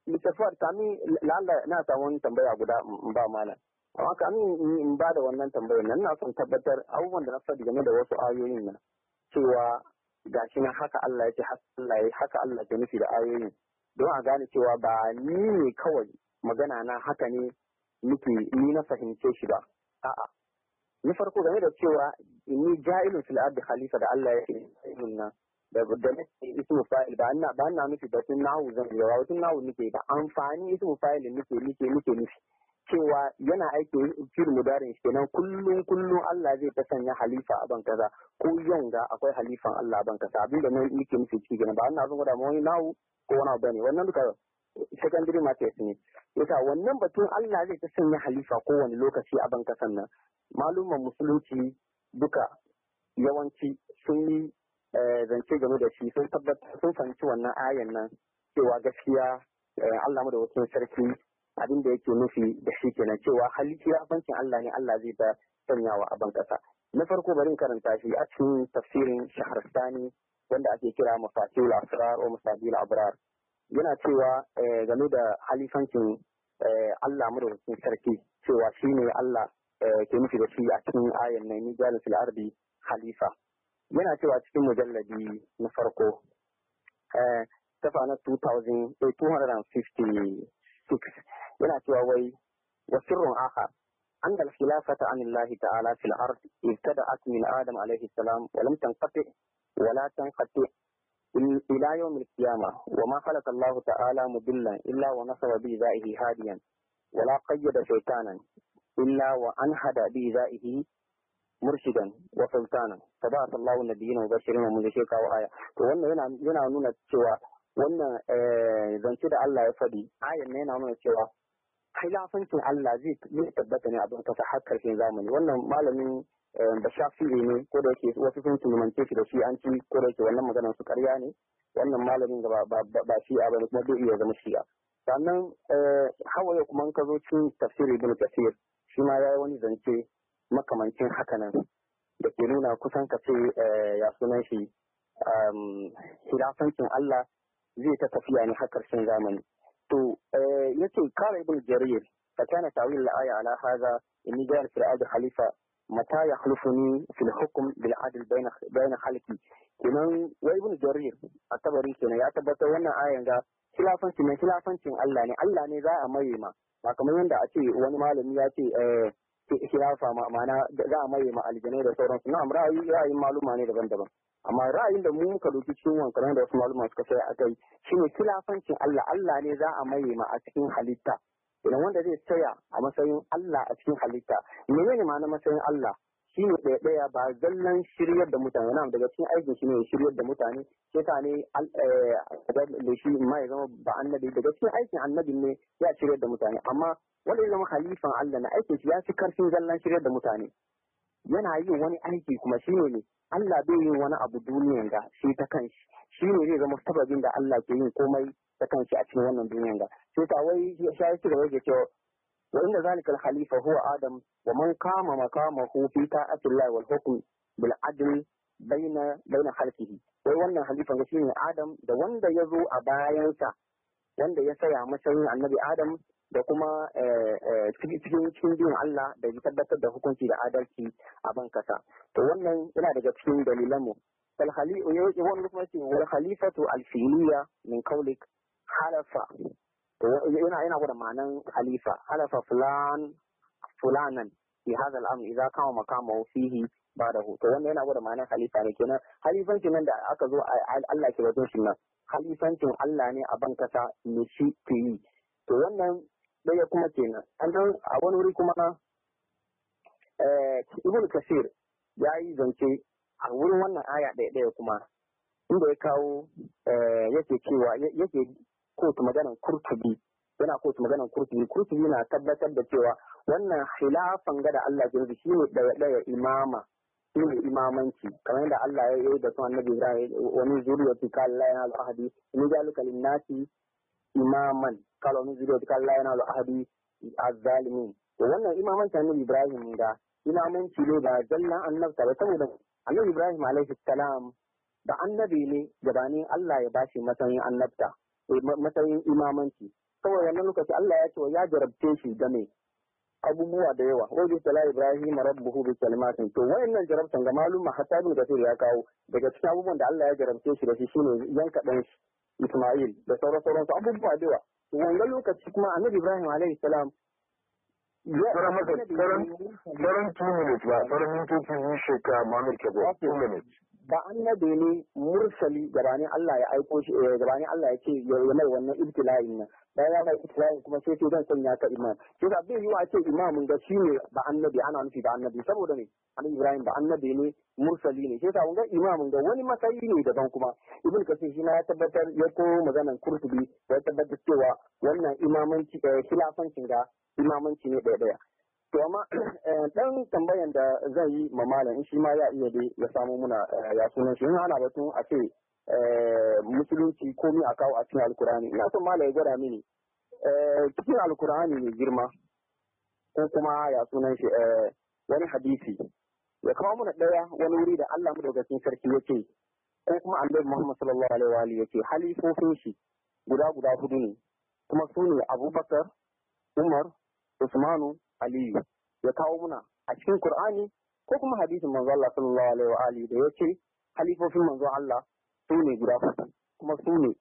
littafar eh, sami lalla na samu tambaya guda in ba mana amma kamin in ba da wannan tambayar nan na son tabbatar abubuwan da na faɗi game da wasu ayoyin nan cewa gashi nan haka Allah ya ce haka Allah ke nufi da ayoyin don a gane cewa ba ni ne kawai magana na haka ne nike ni na fahimce shi ba a'a ni farko game da cewa ni ja'ilun fil ardi khalifa da Allah ya ce nan da da ismu fa'il ba na ba na nufi da tun nahu zan yi ba, tun nahu nufi ba amfani ismu fa'il nufi nufi nufi nufi cewa yana aiki fil mudarin kenan kullum kullum Allah zai ta sanya halifa a ban kaza ko ga akwai halifan Allah a ban kaza abinda nan yi ke ciki gina ba ina zuwa da wani nawo ko wani bane wannan duka secondary market ne yasa wannan batun Allah zai ta sanya halifa kowane lokaci a ban kasan nan malumman musulunci duka yawanci sun yi eh, zance game da shi sun tabbatar sun fahimci wannan ayan nan cewa gaskiya eh, Allah mu da wasu sarki abin da yake nufi da shi kenan cewa halittafancin Allah ne Allah zai ba sanyawa a ban kasa na farko bari karanta shi a cikin tafsirin shaharstani wanda ake kira mafatil asrar wa masabil abrar yana cewa eh, game da halifancin eh, Allah madaukakin sarki cewa shine Allah eh, ke nufi da shi a cikin ayan nan ni jalil fil ardi khalifa yana cewa cikin mujalladi na farko eh tafana 2000 250 yana cewa wai wa sirrun aha an dal khilafata an Allah ta'ala adam alayhi salam wa lam ta'ala mudillan illa wa nasaba bi za'ihi hadiyan wa la qayyada shaytanan illa wa aya to wannan yana nuna cewa wannan eh, zance da Allah ya faɗi ayan ne na nuna cewa khilafancin Allah zai ne tabbata ne a don kasa har karshen zamani wannan malamin da eh, shafiri ne ko da yake wasu sun kimance shi da shi an ci ko da yake wannan maganar su karya ne wannan malamin ga ba shi a bane kuma zai iya zama shi'a sannan eh, hawaye kuma ka zo cin tafsiri ibn kasir shi ma ya yi wani zance makamancin hakanan da ke nuna kusan ka ce ya sunan shi um, hilafancin Allah zai ta tafiya ne har karshen zamani to yace kala ibn jarir fa kana ta'wil al-aya ala hadha inni ja'al fil ardi khalifa mata yakhlufuni fil hukm bil adl bayna bayna khalqi kenan wa ibn jarir atabari kenan ya tabbatar wannan ayan ga khilafancin ne khilafancin Allah ne Allah ne za a maye ma ba kamar yadda a ce wani malami ya ce khilafa ma'ana za a maye ma aljanai da sauransu na'am ra'ayi ra'ayin maluma ne daban-daban amma ra'ayin da mu muka doki cikin wankaran da wasu maluma suka sai a kai shine kilafancin Allah Allah ne za a maye ma a cikin halitta idan wanda zai tsaya a matsayin Allah a cikin halitta menene ma na matsayin Allah shi ne ɗaya ba zallan shiryar da mutane na daga cikin aikin shi ne shiryar da mutane sai ka ne eh, da shi ma ya zama ba annabi daga cikin aikin annabi ne ya shiryar da mutane amma wanda ya zama halifan Allah na aikin shi ya fi karfin zallan shiryar da mutane yana yin wani aiki kuma shi ne ne Allah bai yi wani abu duniyan ga shi ta kanshi shi ne zai zama sababin da Allah ke yin komai ta kanshi a cikin wannan duniyan ga sai ta wai shi ya ci gaba da cewa wa inda zalika al-khalifa huwa adam wa man kama makamahu fi ta'atillah wal hukm bil adl baina baina khalqihi wai wannan halifan shine adam da wanda ya zo a bayansa wanda ya saya yin annabi adam da kuma eh, eh, cikin cikin bin Allah da ya tabbatar da hukunci da adalci a ban kasa to wannan yana daga cikin dalilan mu wal khalifa wal khalifatu al-fi'liya min qawlik halafa yana yana gwada ma'anan khalifa halafa fulan fulanan fi hadha al-amr idza kama makama fihi ba'dahu to wannan yana gwada ma'anan khalifa ne kenan khalifancin nan da aka zo Allah ke batun shi nan khalifancin Allah ne a ban kasa ne shi ke yi to wannan daya kuma kenan an dan a wani wuri kuma eh ibn kasir ya yi zance a wurin wannan aya daya daya kuma inda ya kawo eh, yake cewa yake kotu maganan kurtubi yana kotu maganan kurtubi kurtubi na tabbatar da cewa wannan khilafan gada Allah jirgi shi ne daya imama shi ne imamanci kamar yadda Allah ya yi da sunan Nabi Ibrahim wani zuriyati ka Allah yana al ni linnasi imaman wani Allah yana wannan Nabi Ibrahim ga imamanci ne ba ba saboda Annabi Ibrahim alaihi salam da annabi ne gabanin Allah ya bashi matsayin annabta matsayin imamanci saboda wannan lokaci Allah ya ce ya jarabce shi da abubuwa da yawa wa bi sala ibrahim rabbuhu bi kalimatin to wayannan jarabtan ga malum hatta da kasir ya kawo daga cikin abubuwan da Allah ya jarabce shi da shi shine yanka dan shi Ismail da sauran sauran su abubuwa da yawa wannan lokaci kuma annabi Ibrahim alaihi salam Sauran masa, sauran two minutes ba, sauran mintoci shi shekara Muhammad Kabo, two minutes. ba annabi ne mursali gabani Allah ya aiko shi eh, gabani Allah ya ce ya mai wannan ibtila'in nan bayan ya mai ibtila'in kuma sai sai zan sanya ka imam sai da bai yiwa ce imamin ga shine ba annabi ana nufi da annabi saboda ne annabi Ibrahim ba annabi ne mursali ne sai sa kun ga ga wani matsayi ne daban kuma ibn kasir shi ya tabbatar ya ko maganan kurtubi ya tabbatar cewa wannan imamanci eh, khilafancin ga imamanci ne ɗaya ɗaya To amma ɗan eh, tambayan da zan yi ma malam shi ma ya iya dai ya samu muna eh, ya sunan shi ana batun a ce eh, musulunci ko mi a kawo a cikin alkurani ina son malam ya gwada mini cikin alkurani ne girma ko kuma ya sunan shi wani hadisi ya kawo muna ɗaya wani wuri da Allah mu cikin sarki yake ko kuma annabi Muhammad sallallahu alaihi wa alihi yake halifofin shi guda guda hudu ne kuma su ne Abubakar Umar Usmanu aliyu ya kawo muna a cikin Kur'ani ko kuma hadisin manzo Allah sallallahu alaihi wa alihi da yake halifofin manzo Allah su ne guda huɗu kuma su ne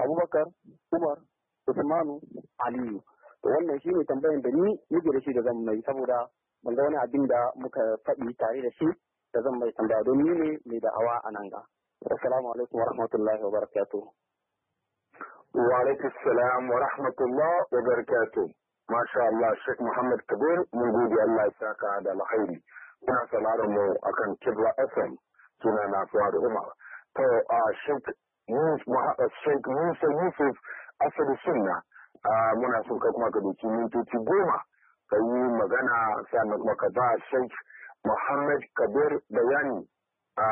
Abubakar, Umar, Usmanu, Aliyu. To wannan shine tambayan da ni nake da shi da zan mai saboda ban ga wani abin da muka faɗi tare da shi da zan mai tambaya don ni ne mai da'awa a nan ga. Assalamu alaikum wa rahmatullahi wa barakatuh. Wa alaikum salam wa rahmatullahi wa barakatuh. Masha Allah Sheikh Muhammad Kabir mun gode Allah ya saka da alkhairi. Kuna sauraron mu akan Kibla FM suna na Fuad Umar. To Sheikh Sheikh Musa Yusuf Asadu Sunna muna son kai kuma ka doki mintoci goma ka yi magana sannan kuma ka ba Sheikh Muhammad Kabir bayani a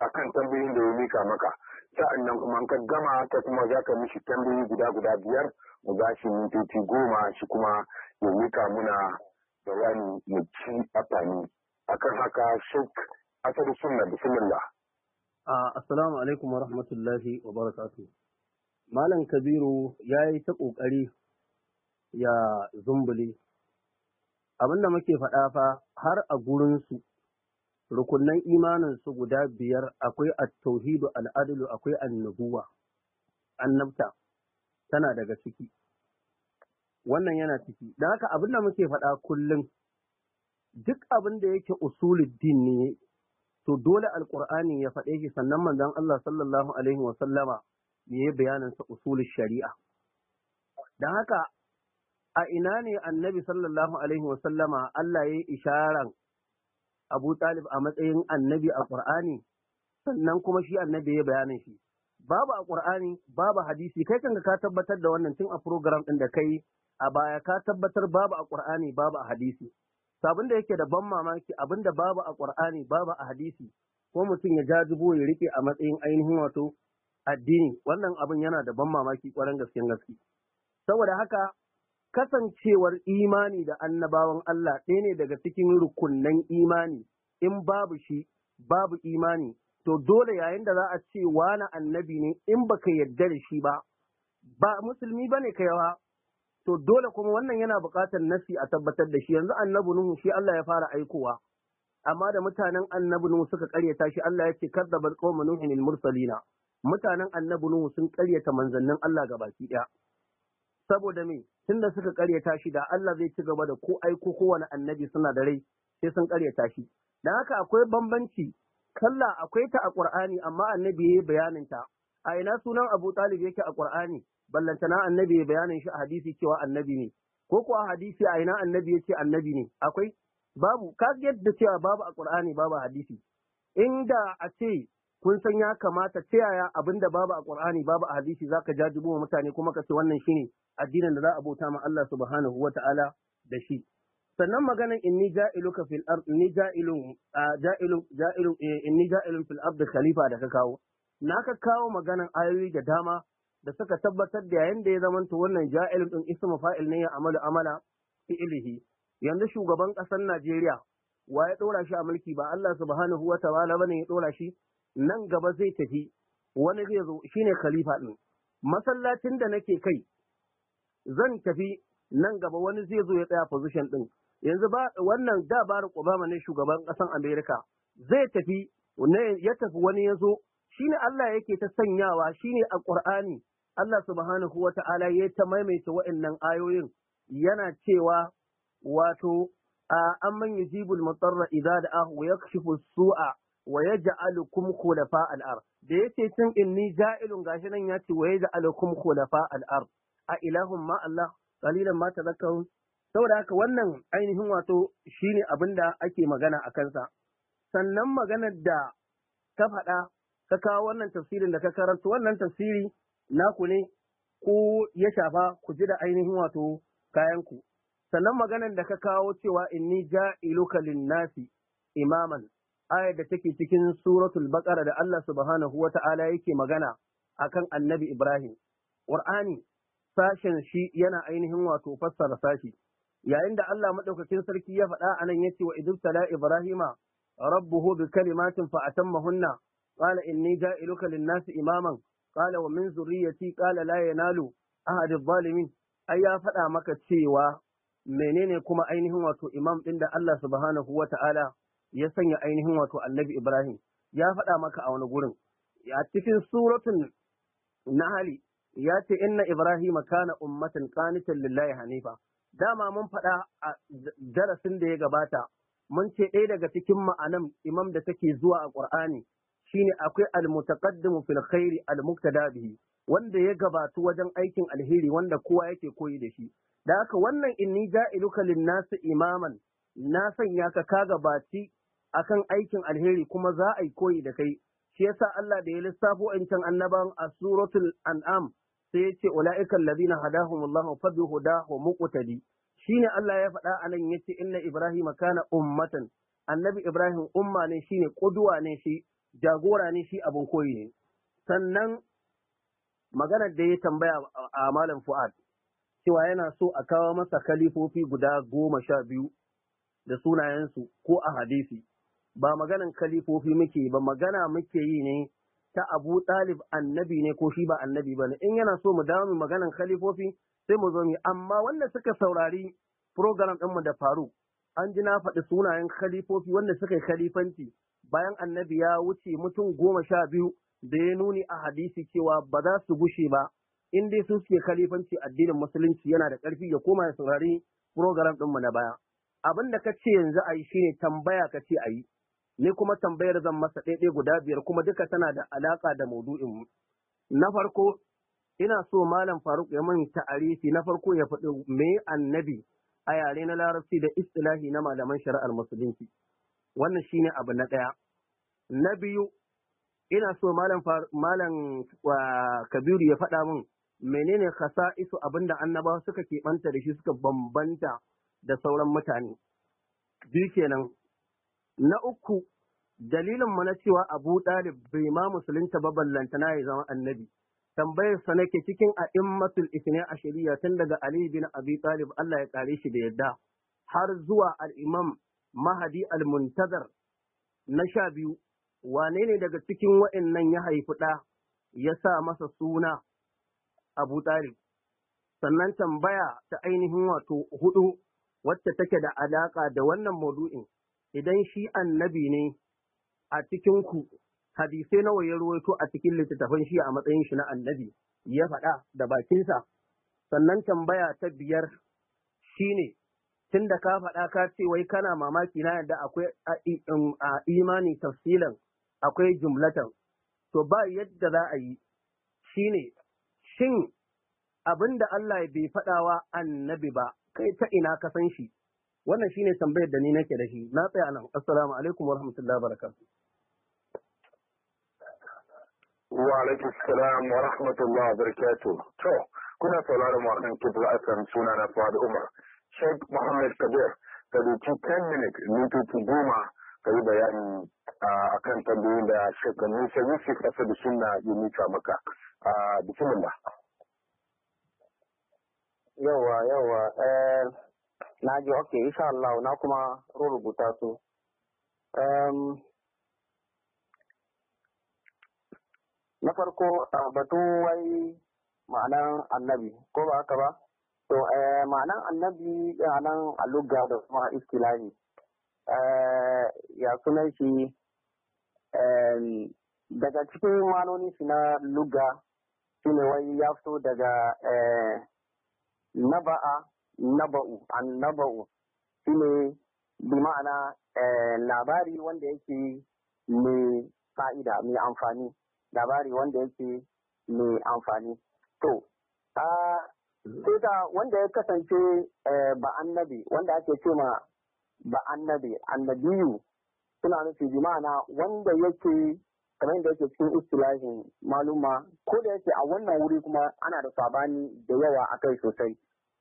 akan tambayoyin da ya mika maka. sa'an nan kuma ka gama ta kuma za ka mishi tambayi guda guda biyar mu ba shi mintoci goma shi kuma ya mika muna bayani ya ci amfani akan haka shek Asar sunna bismillah ah, assalamu alaikum wa rahmatullahi wa barakatuh malam kabiru ya yi ta kokari ya zumbule abinda muke faɗa fa har a gurinsu rukunan su guda biyar akwai at-tauhidu al-adlu akwai annubuwa annabta tana daga ciki wannan yana ciki dan haka abin da muke faɗa kullum duk abin da yake usuluddin ne to dole alqur'ani ya faɗe shi sannan manzon Allah sallallahu alaihi wa sallama yayi bayanin sa usulul shari'a dan haka a ina ne annabi sallallahu alaihi wa sallama Allah yayi isharan Abu Talib a matsayin annabi a ƙur'ani? sannan kuma shi annabi ya bayanin shi babu a Qur'ani babu hadisi kai kanka ka tabbatar da wannan tun a program din da kai a baya ka tabbatar babu a Qur'ani babu a hadisi Sabun da yake da ban mamaki abin da babu a Qur'ani babu a hadisi ko mutum ya jajibo ya rike a matsayin ainihin wato addini wannan abin yana da ban mamaki kwarin gaske gaske saboda haka kasancewar imani da annabawan Allah ɗaya ne daga cikin rukunnan imani in babu shi babu imani to dole yayin da za a ce wani annabi ne in baka yarda da shi ba ba musulmi ba ne kaiwa to dole kuma wannan yana buƙatar nasi a tabbatar da shi yanzu annabi nuhu shi Allah ya fara aikowa amma da mutanen annabi nuhu suka karyata shi Allah ya ce kadzabal qaumun nuhin mursalina mutanen annabi nuhu sun karyata manzannin Allah gabaki ɗaya saboda me tunda suka karyata shi da Allah zai ci gaba da ko aiko kowane annabi suna da rai sai sun karyata shi dan haka akwai bambanci kalla akwai ta a Qur'ani amma annabi yayi bayanin ta a ina sunan Abu Talib yake a Qur'ani ballantana annabi ya bayanin shi a hadisi cewa annabi ne ko kuwa hadisi a ina annabi yace annabi ne akwai babu ka yadda cewa babu a Qur'ani babu hadisi inda a ce kun san ya kamata ta yaya abin babu a Qur'ani babu a hadisi zaka jajibo mutane kuma ka ce wannan shine addinin da za a bauta ma Allah subhanahu wata'ala da shi sannan maganan inni ja'iluka fil ard inni ja'ilun ja'ilun ja'ilun eh, inni ja'ilun fil ard khalifa da ka kawo na ka kawo maganan ayoyi da dama da suka tabbatar da yayin da ya zamanta wannan ja'ilun din ismu fa'il ne ya amalu amala fi'ilihi yanzu shugaban ƙasar Najeriya wa ya ɗora shi a mulki ba Allah subhanahu wa ta'ala bane ya ɗora shi nan gaba zai tafi wani zai zo shine khalifa din masallacin da nake kai zan tafi nan gaba wani zai zo ya tsaya position din yanzu ba wannan da Barack Obama ne shugaban ƙasar Amerika zai tafi ya tafi wani ya zo shine Allah yake ta sanyawa shine a Qur'ani Allah subhanahu wa ta'ala ya ta maimaita wa'annan ayoyin yana cewa wato an man yujibul mutarra idza da'ahu wa yakshifu su'a wa yaj'alukum khulafa al-ard da yace tun inni ja'ilun gashi nan yace wa yaj'alukum khulafa al-ard a ilahun ma Allah qalilan ma tadhakkarun saboda haka wannan ainihin wato shine abin da ake magana a kansa sannan maganar da ta faɗa ka kawo wannan tafsirin da ka karanta wannan tafsiri naku ne ko ya shafa ku ji da ainihin wato kayanku sannan maganar da ka kawo cewa inni ja'iluka linnasi imaman ayar da take cikin suratul baqara da Allah subhanahu wata'ala yake magana akan annabi Ibrahim Qur'ani sashen shi yana ainihin wato fassara sashi yayin da Allah madaukakin sarki ya faɗa anan yace wa idibtala ibrahima rabbuhu bi kalimatin fa atammahunna qala inni ja'iluka lin nas imaman qala wa min zurriyyati qala la yanalu ahad adh-dhalimin ai ya faɗa maka cewa menene kuma ainihin wato imam ɗin da Allah subhanahu wa ta'ala ya sanya ainihin wato annabi Ibrahim, ya faɗa maka a wani gurin. A cikin suratun Nahl ya ce inna Ibrahim kana ummatan qanitan lillahi hanifa dama mun faɗa a darasin da ya gabata mun ce ɗaya daga cikin ma'anan imam da take zuwa a Qur'ani shine akwai al-mutaqaddimu fil khairi al bihi wanda ya gabatu wajen aikin alheri wanda kowa yake koyi da shi da haka wannan inni ja'iluka lin-nasi imaman na sanya ka ka gabaci akan aikin alheri kuma za a yi koyi da kai shi yasa Allah da ya lissafo can annaban a suratul an'am sai ya ce ula'ika ladina hadahum Allah fa bi hudahu muqtadi shine Allah ya faɗa anan yace inna Ibrahim kana ummatan annabi Ibrahim umma ne shine kuduwa ne shi jagora ne shi abun koyi ne sannan maganar da ya tambaya a malam Fuad cewa yana so a kawo masa kalifofi guda goma sha biyu da sunayensu ko a hadisi ba maganan kalifofi muke ba magana muke yi ne ta Abu Talib annabi ne ko shi ba annabi ba ne, in yana so mu dawo mu maganan khalifofi sai mu zo mu amma wanda suka saurari program mu da faru an ji na faɗi sunayen khalifofi wanda suka yi khalifanci bayan annabi ya wuce mutum goma sha biyu da ya nuni a hadisi cewa ba za su gushe ba in dai su suke khalifanci addinin musulunci yana da ƙarfi ya koma ya saurari program mu na baya. Abin da ka ce yanzu a yi shine tambaya ka ce a yi. ni kuma tambayar zan masa ɗaiɗai guda biyar kuma duka tana da alaƙa da maudu'in mu. Na farko, ina so Malam Faruk ya mun ta'arifi na farko ya faɗi me annabi a yare na larabci da istilahi na malaman shari'ar musulunci. Wannan shine abu na ɗaya. Na biyu, ina so Malam Malam Kabiru ya faɗa min menene kasa abin abinda annabawa suka keɓanta da shi suka bambanta da sauran mutane. Biyu kenan, na uku dalilin mu na cewa Abu Dalib bai ma musulunta ba ballantana ya zama annabi tambayar sa nake cikin a'immatul a shari'a, tun daga Ali bin Abi Talib Allah ya kare shi da yadda har zuwa al-Imam Mahdi al-Muntazar na sha biyu wane ne daga cikin wa'annan ya haifi ɗa ya sa masa suna Abu Talib sannan tambaya ta ainihin wato hudu wacce take da alaƙa da wannan maudu'in idan shi annabi ne a cikin ku hadisai nawa ya ruwaito a cikin littattafan shi a matsayin shi na annabi ya faɗa da bakinsa sannan tambaya ta biyar shine tun da ka faɗa ka ce wai kana mamaki na yadda akwai a um, imani tafsilan akwai jumlatan to ba yadda za a yi shine shin abinda Allah bai faɗawa annabi ba kai ta ina ka san shi wannan shine tambayar da ni nake da shi na tsaya nan assalamu alaikum wa rahmatullahi wa barakatuh wa alaikum salam wa rahmatullahi wa barakatuh to kuna sauraron wannan kibla akan suna na Fuad Umar Sheikh Muhammad Kabir ka duki 10 minutes mintoci goma ka yi bayani akan tambayoyin da Sheikh Musa Yusuf Asadu Sunna ya mika maka bismillah yawa yawa eh na ji ok insha Allah na kuma rubuta su na farko batu wai ma'anar annabi ko ba haka ba to eh, ma'anar annabi nan aluga da kuma istilahi eh, ya sunan shi daga cikin manoni shi na luga shine wai ya fito daga eh, naba'a naba'u naba'u shine bi ma'ana eh, labari wanda yake mai fa'ida mai amfani labari wanda yake mai amfani to a sai wanda ya kasance eh, ba annabi wanda ake ce ma ba annabi annabiyu suna nufi bi ma'ana wanda yake kamar yadda yake cikin istilahin maluma ko da yake a wannan wuri kuma ana da sabani da yawa a kai sosai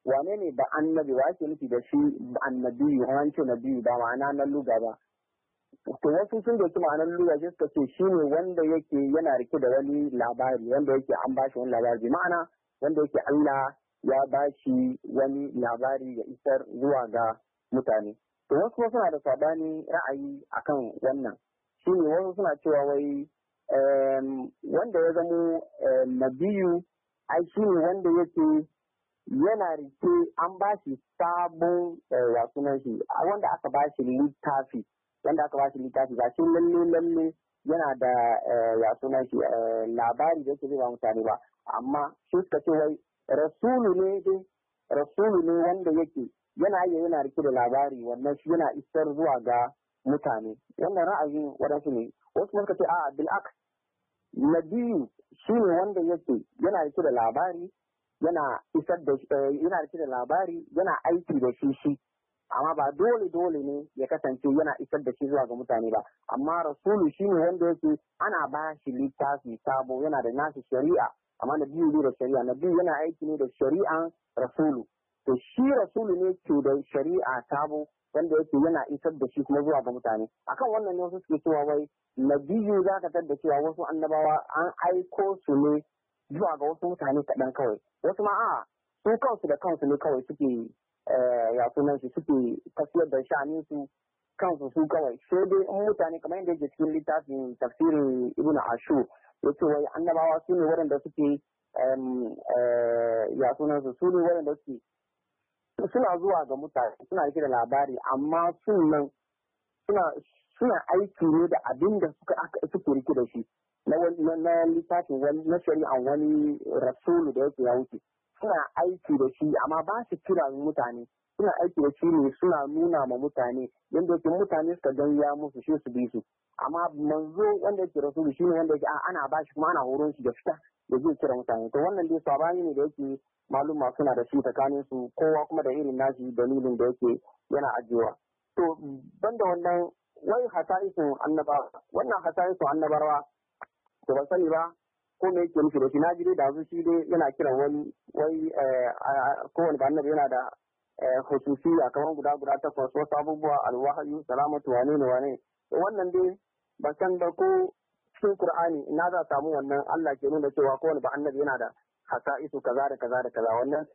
wane ne ba annabi ba ake nufi da shi annabi an ce nabi ba ma'ana na luga ba to wasu sun doki ma'anar luga shi suka ce shi ne wanda yake yana rike da wani labari wanda yake an bashi wani labari ma'ana wanda yake Allah ya bashi wani labari ya isar zuwa ga mutane to wasu suna da sabani ra'ayi akan wannan shi ne wasu suna cewa wai wanda ya zamo nabiyu ai shi ne wanda yake yana rike an ba shi sabon eh, ya sunan shi wanda aka ba shi littafi wanda aka ba shi littafi ba shi lalle lalle yana da eh, ya sunan shi eh, labari da yake zai ba mutane ba amma shi suka ce wai rasulu ne dai rasulu ne wanda yake yana iya yana rike da labari wannan shi yana isar zuwa ga mutane wannan ra'ayin wadansu ne wasu suka ce a bil nabiyu shi ne wanda yake yana rike da labari yana isar da eh, yana da labari yana aiki da shi shi amma ba dole dole ne ya kasance yana isar da shi zuwa ga mutane ba amma rasulu shi ne wanda yake ana ba shi littafi sabo yana da nasu shari'a amma na biyu biyu da shari'a na biyu yana aiki ne da shari'an rasulu to shi rasulu ne ke da shari'a sabo wanda yake yana isar da shi kuma zuwa ga mutane akan wannan ne wasu suke cewa wai na biyu za ka da cewa wasu annabawa an aiko su ne zuwa ga wasu mutane kaɗan kawai wasu ma a ah, su kansu da kansu ne kawai suke eh, ya sunan shi suke tafiyar da sha'anin su kansu su kawai sai dai in mutane kamar yadda yake cikin littafin tafsirin ibn ashu ya ce wai annabawa su ne waɗanda suke eh, ya sunan su su ne waɗanda suke suna zuwa ga mutane suna rike da labari amma sunan suna aiki ne da abin da suka rike da shi na littafin wani na shari'an wani rasulu da yake ya wuce suna aiki da shi amma ba su kira mutane suna aiki da shi ne suna nuna ma mutane yadda yake mutane suka gan ya musu shi su bi su amma manzo wanda yake rasulu shi ne wanda yake ana ba shi kuma ana horon shi da fita da zai kira mutane to wannan dai sabani ne da yake maluma suna da shi tsakanin su kowa kuma da irin nashi dalilin da yake yana ajiyewa to banda wannan wai hasaisun annabawa wannan hasaisun annabawa to ban sani ba ko me yake nufi da shi na ji dai da su shi dai yana kiran wani wai eh, kowane ba annabi yana da eh, hususi a kamar guda guda takwas wasu abubuwa alwahayu salamatu wane ne wane wannan dai ban san da ko cikin qur'ani ina za samu wannan Allah ke nuna cewa kowane ba annabi yana da isu, kaza da kaza da kaza wannan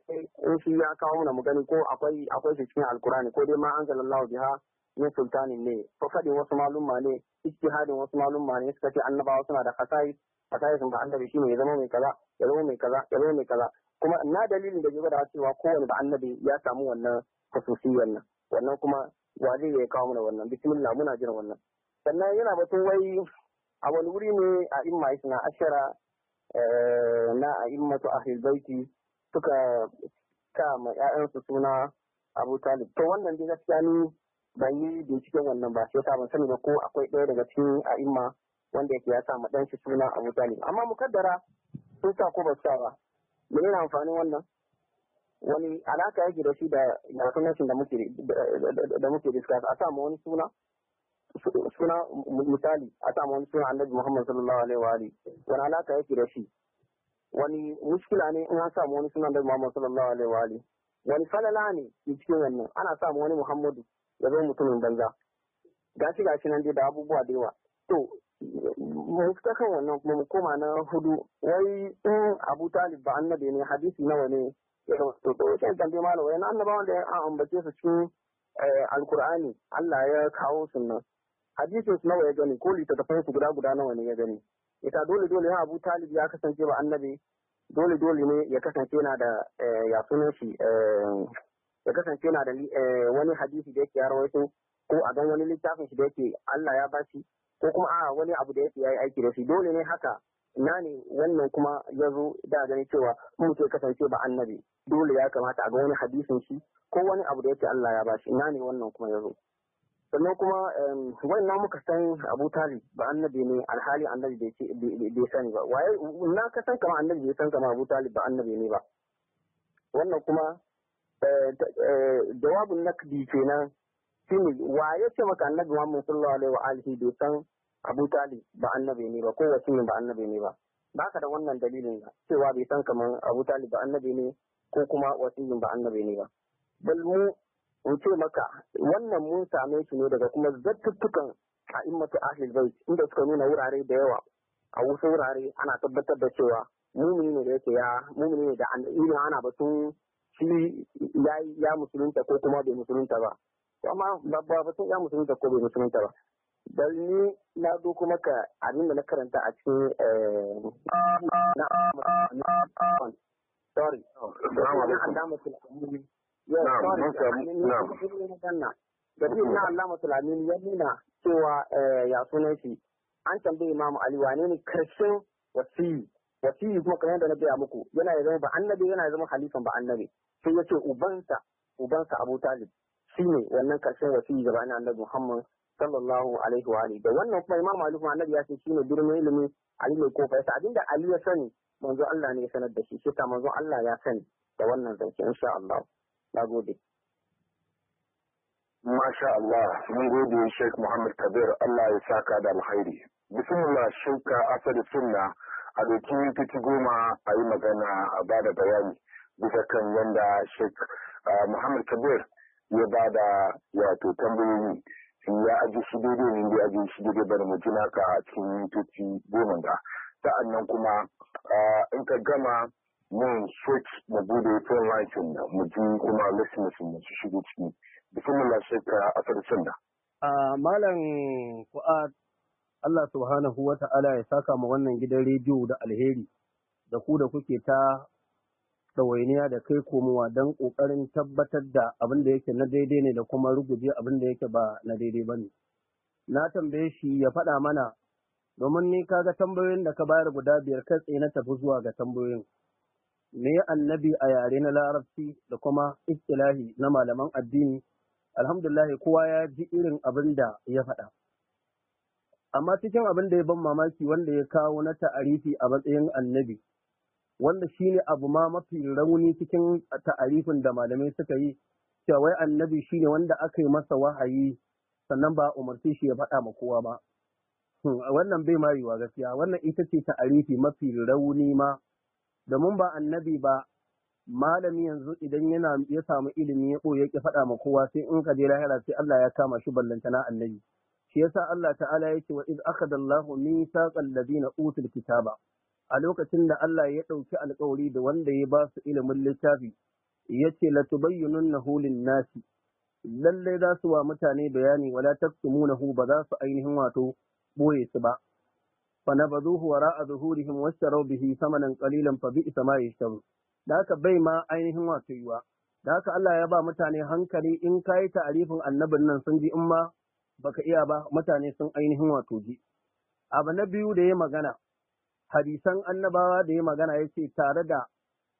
in shi ya kawo mana mu gani ko akwai akwai shi cikin alqur'ani ko dai ma anzalallahu biha min sultanin ne ko faɗin wasu malumma ne ijtihadin wasu malumma ne suka ce annabawa suna da kasai kasai sun ba annabi ne ya zama mai kaza ya zama mai kaza ya zama mai kaza kuma na dalilin da yake da cewa kowane ba annabi ya samu wannan khususiyyar nan wannan kuma waje ya kawo mana wannan bismillah muna jiran wannan sannan yana batun wai a wani wuri ne a imma isna ashara eh, na a immatu ahlul baiti suka kama ƴaƴansu suna Abu Talib to wannan dai gaskiya ni ban yi binciken wannan ba sai ban sani ba ko akwai ɗaya daga cikin a'imma wanda yake ya sa ma ɗan shi suna Abu Talib amma mukaddara sun sa ko ba su sa ba menene amfanin wannan wani alaka yake da shi da sunan da muke da muke discuss a sa wani suna suna misali a sa wani suna Annabi Muhammad sallallahu alaihi wa alihi wani alaka yake da shi wani mushkila ne in an samu wani suna Annabi Muhammad sallallahu alaihi wa alihi wani falala ne cikin wannan ana sa wani Muhammadu ya zo mutumin banza gashi gashi nan dai da abubuwa da yawa to mu fita kan wannan kuma mu koma na hudu wai in abu talib ba annabi ne hadisi nawa ne to to sai tambaye malam wai annabawan da an ambace su cikin eh, alkur'ani Allah ya kawo su nan hadisin su nawa ya gani ko littattafan su guda guda nawa ne ya gani ita dole dole ya abu talib ya kasance ba annabi dole dole ne ya kasance na da eh, ya sunan shi eh, ya kasance yana da eh, wani hadisi da yake yaro wato ko a gan wani littafin shi da yake Allah ya bashi ko kuma a wani abu da yake yayi aiki da shi dole ne haka na ne wannan kuma ya zo da gani cewa mu ce kasance ba annabi dole ya kamata a ga wani hadisin shi ko wani abu da yake Allah ya bashi na ne wannan kuma ya zo sannan kuma wannan muka san Abu Talib ba annabi ne alhali annabi da yake bai sani ba waye na ka san kamar annabi bai san kamar Abu Talib ba annabi ne ba wannan kuma Eh, eh, jawabin nakdi kenan shine wa ya ce maka annabi Muhammad sallallahu alaihi wa alihi bai san Abu Talib ba annabi ne ba ko wakilin ba annabi ne ba baka da wannan dalilin da cewa bai san kaman Abu Talib ba annabi ne ko kuma wakilin ba annabi ne ba bal mu in ce maka wannan mun same shi ne daga kuma zattuttukan a ahlul bait inda suka nuna wurare da yawa a wasu wurare ana tabbatar da cewa mumini ne da yake ya mumini ne da irin ana batun shi ya musulunta ko kuma bai musulunta ba amma babba batun ya musulunta ko bai musulunta ba dan ni na doko maka abin da na karanta a cikin sorry da fi na allama tulamin ya nuna cewa ya sunan shi an tambaye mamu ali wane ne karshen wasiyi wasiyi kuma kamar yadda na gaya muku yana ya zama ba annabi yana ya zama halifan ba annabi sai yace ubansa ubansa Abu Talib shine wannan karshen wasiyi gaba na annabi Muhammad sallallahu alaihi wa alihi da wannan kuma Imam Ali kuma annabi ya ce shine girman ilimi Ali ko fa yasa abinda Ali ya sani manzo Allah ne ya sanar da shi sai manzo Allah ya sani da wannan zance insha Allah nagode Masha Allah, mun gode Sheikh Muhammad Kabir Allah ya saka da alkhairi. Bismillah Shuka asali sunna a doki mintoci goma a yi magana a ba da bayani bisa kan yadda sheik ah, Muhammad Kabir ya ba da wato tambayoyi ya aji shi daidai ne da aji shi daidai bane mu jina ka a cikin mintoci goma da sa'annan kuma ah, in ka gama mun switch mu bude phone line din mu ji kuma listeners mu su shigo ciki bismillah a asar da. Ah, malam fu'ad Allah subhanahu wa ta'ala ya saka ma wannan gidan rediyo da alheri da ku da kuke ta ɗawainiya da kai komowa don ƙoƙarin tabbatar da abin da yake na daidai ne da kuma ruguje abin da yake ba na daidai ba ne. Na tambaye shi ya faɗa mana domin ni kaga tambayoyin da ka bayar guda biyar kai tsaye na tafi zuwa ga tambayoyin. Me annabi a yare na larabci da kuma istilahi na malaman addini alhamdulillah kowa ya ji irin abin da ya faɗa. amma cikin abin da ya ban mamaki wanda ya kawo na ta'arifi a matsayin annabi wanda shine abu ma mafi rauni cikin ta'arifin da malamai suka yi cewa wai annabi shine wanda aka yi masa wahayi sannan ba umarci shi ya faɗa ma kowa ba hmm, wannan bai wa gaskiya wannan ita ce ta'arifi mafi rauni ma domin ba annabi ba malami yanzu idan yana ya samu ilimi ya ɓoye ya faɗa ma kowa sai in ka je lahira sai Allah ya kama shi ballantana annabi shi yasa Allah ta'ala yake wa iz akhadha Allahu mithaqal ladina utul kitaba a lokacin da Allah ya dauki alƙawari da wanda ya ba su ilimin littafi yace la tubayyinunnahu lin-nasi lalle za su wa mutane bayani wala taktumunahu ba za su ainihin wato boye su ba fa nabaduhu wara'a zuhurihim washtaru bihi samanan qalilan fa bi'sa ma yashtaru da haka bai ma ainihin wato yiwa da haka Allah ya ba mutane hankali in kai ta'alifin annabin nan sun ji in ma baka iya ba mutane sun ainihin wato ji abu na biyu da ya magana hadisan annabawa da ya magana ya ce tare da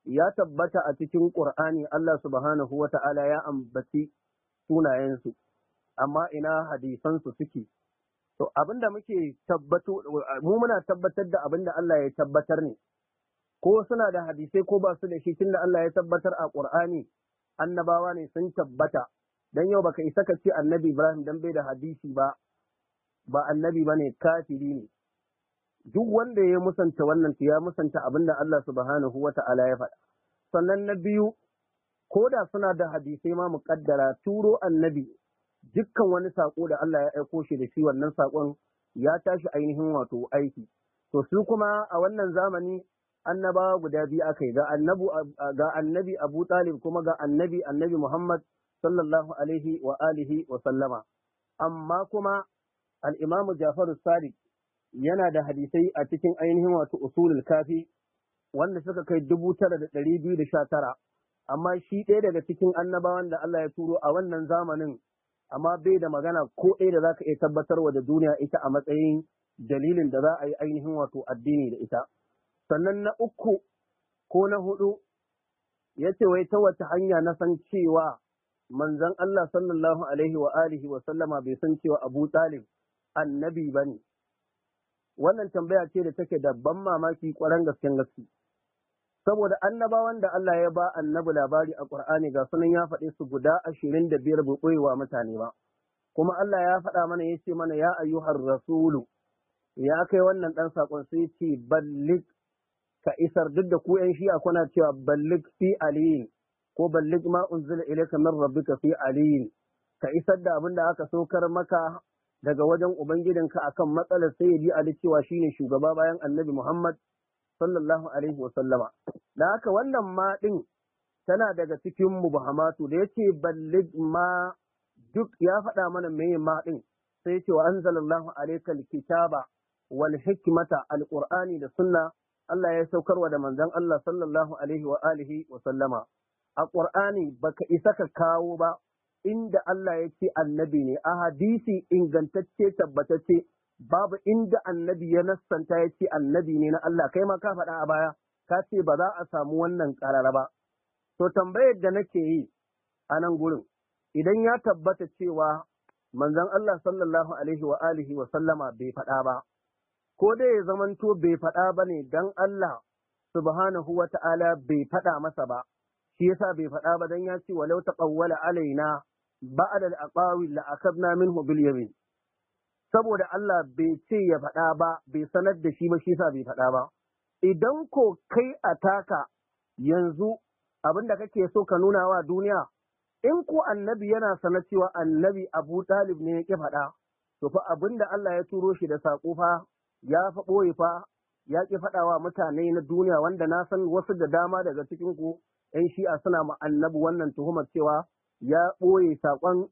ya tabbata a cikin ƙur'ani Allah subhanahu wa ta'ala ya ambaci sunayensu amma ina hadisansu suke to da muke mu muna tabbatar da abinda Allah ya tabbatar ne ko suna da hadisai ko ba su da shi tun da Allah ya tabbatar a ƙur'ani, annabawa ne sun tabbata dan yau baka isa ka ce annabi Ibrahim dan bai da hadisi ba ba annabi bane kafiri ne duk wanda ya musanta wannan ya musanta abinda Allah subhanahu wata'ala ya faɗa sannan na biyu ko da suna da hadisai ma muƙaddara turo annabi dukkan wani saƙo da Allah ya aiko shi da shi wannan saƙon ya tashi ainihin wato aiki to su kuma a wannan zamani annabawa guda biyu aka yi ga annabi ga annabi Abu Talib kuma ga annabi annabi Muhammad sallallahu alaihi wa alihi wa sallama amma kuma al-imamu Sadiq yana da hadisai a cikin ainihin wato usulul kafi wanda suka kai dubu tara da ɗari biyu da sha tara amma shi ɗaya daga cikin annabawan da Allah ya turo a wannan zamanin amma bai da magana ko ɗaya da za ka iya wa da duniya ita a matsayin dalilin da za a yi ainihin wato addini da ita sannan na uku ko na hudu ya ce wai ta wata hanya na san cewa manzon Allah sallallahu alaihi wa alihi wa sallama bai san cewa Abu Talib annabi bane wannan tambaya ce da take da ban mamaki kwaran gasken gaske saboda annabawan da Allah ya ba annabi labari a Qur'ani ga sunan ya faɗe su guda ashirin da biyar bai koyewa mutane ba kuma Allah ya faɗa mana ya ce mana ya ayyuhar rasulu ya kai wannan ɗan sakon sai ce ballik ka isar duk da ku ‘yan shi'a kuna cewa ballik fi aliyin ko ballig ma unzila ilayka min rabbika fi aliyin ka isar da abin da aka saukar maka daga wajen ubangijinka akan matsalar sayyidi ali cewa shine shugaba bayan annabi muhammad sallallahu alaihi wa sallama da haka wannan ma din tana daga cikin mubahamatu da yace ballig ma duk ya faɗa mana meye ma din sai cewa wa anzalallahu kitaba wal hikmata alqur'ani da sunna Allah ya saukarwa da manzon Allah sallallahu alaihi wa alihi wa sallama a ba ka isa ka kawo ba inda Allah ya ce annabi ne a hadisi ingantacce tabbatacce babu inda annabi ya nassanta ya ce annabi ne na Allah kai ma ka faɗa a baya ka ce ba za a samu wannan ƙarara ba to tambayar da nake yi a nan gurin idan ya tabbata cewa manzon Allah sallallahu alaihi wa alihi wa sallama bai faɗa ba ko dai ya zamanto bai faɗa ba ne don Allah subhanahu wa ta'ala bai faɗa masa ba shi yasa bai faɗa ba dan ya ce walau taqawwala alaina ba'da al-aqawil la akadna minhu bil yamin saboda Allah bai ce ya faɗa ba bai sanar da shi ba shi yasa bai faɗa ba idan ko kai a taka yanzu abin da kake so ka nuna wa duniya in ko annabi yana sanar cewa annabi Abu Talib ne ya faɗa to fa abinda Allah ya turo shi da saƙo fa ya fa ɓoye fa ya ƙi faɗawa mutane na duniya wanda na san wasu da dama daga cikin ku ‘yan shi'a suna ma wannan tuhumar cewa ya ɓoye saƙon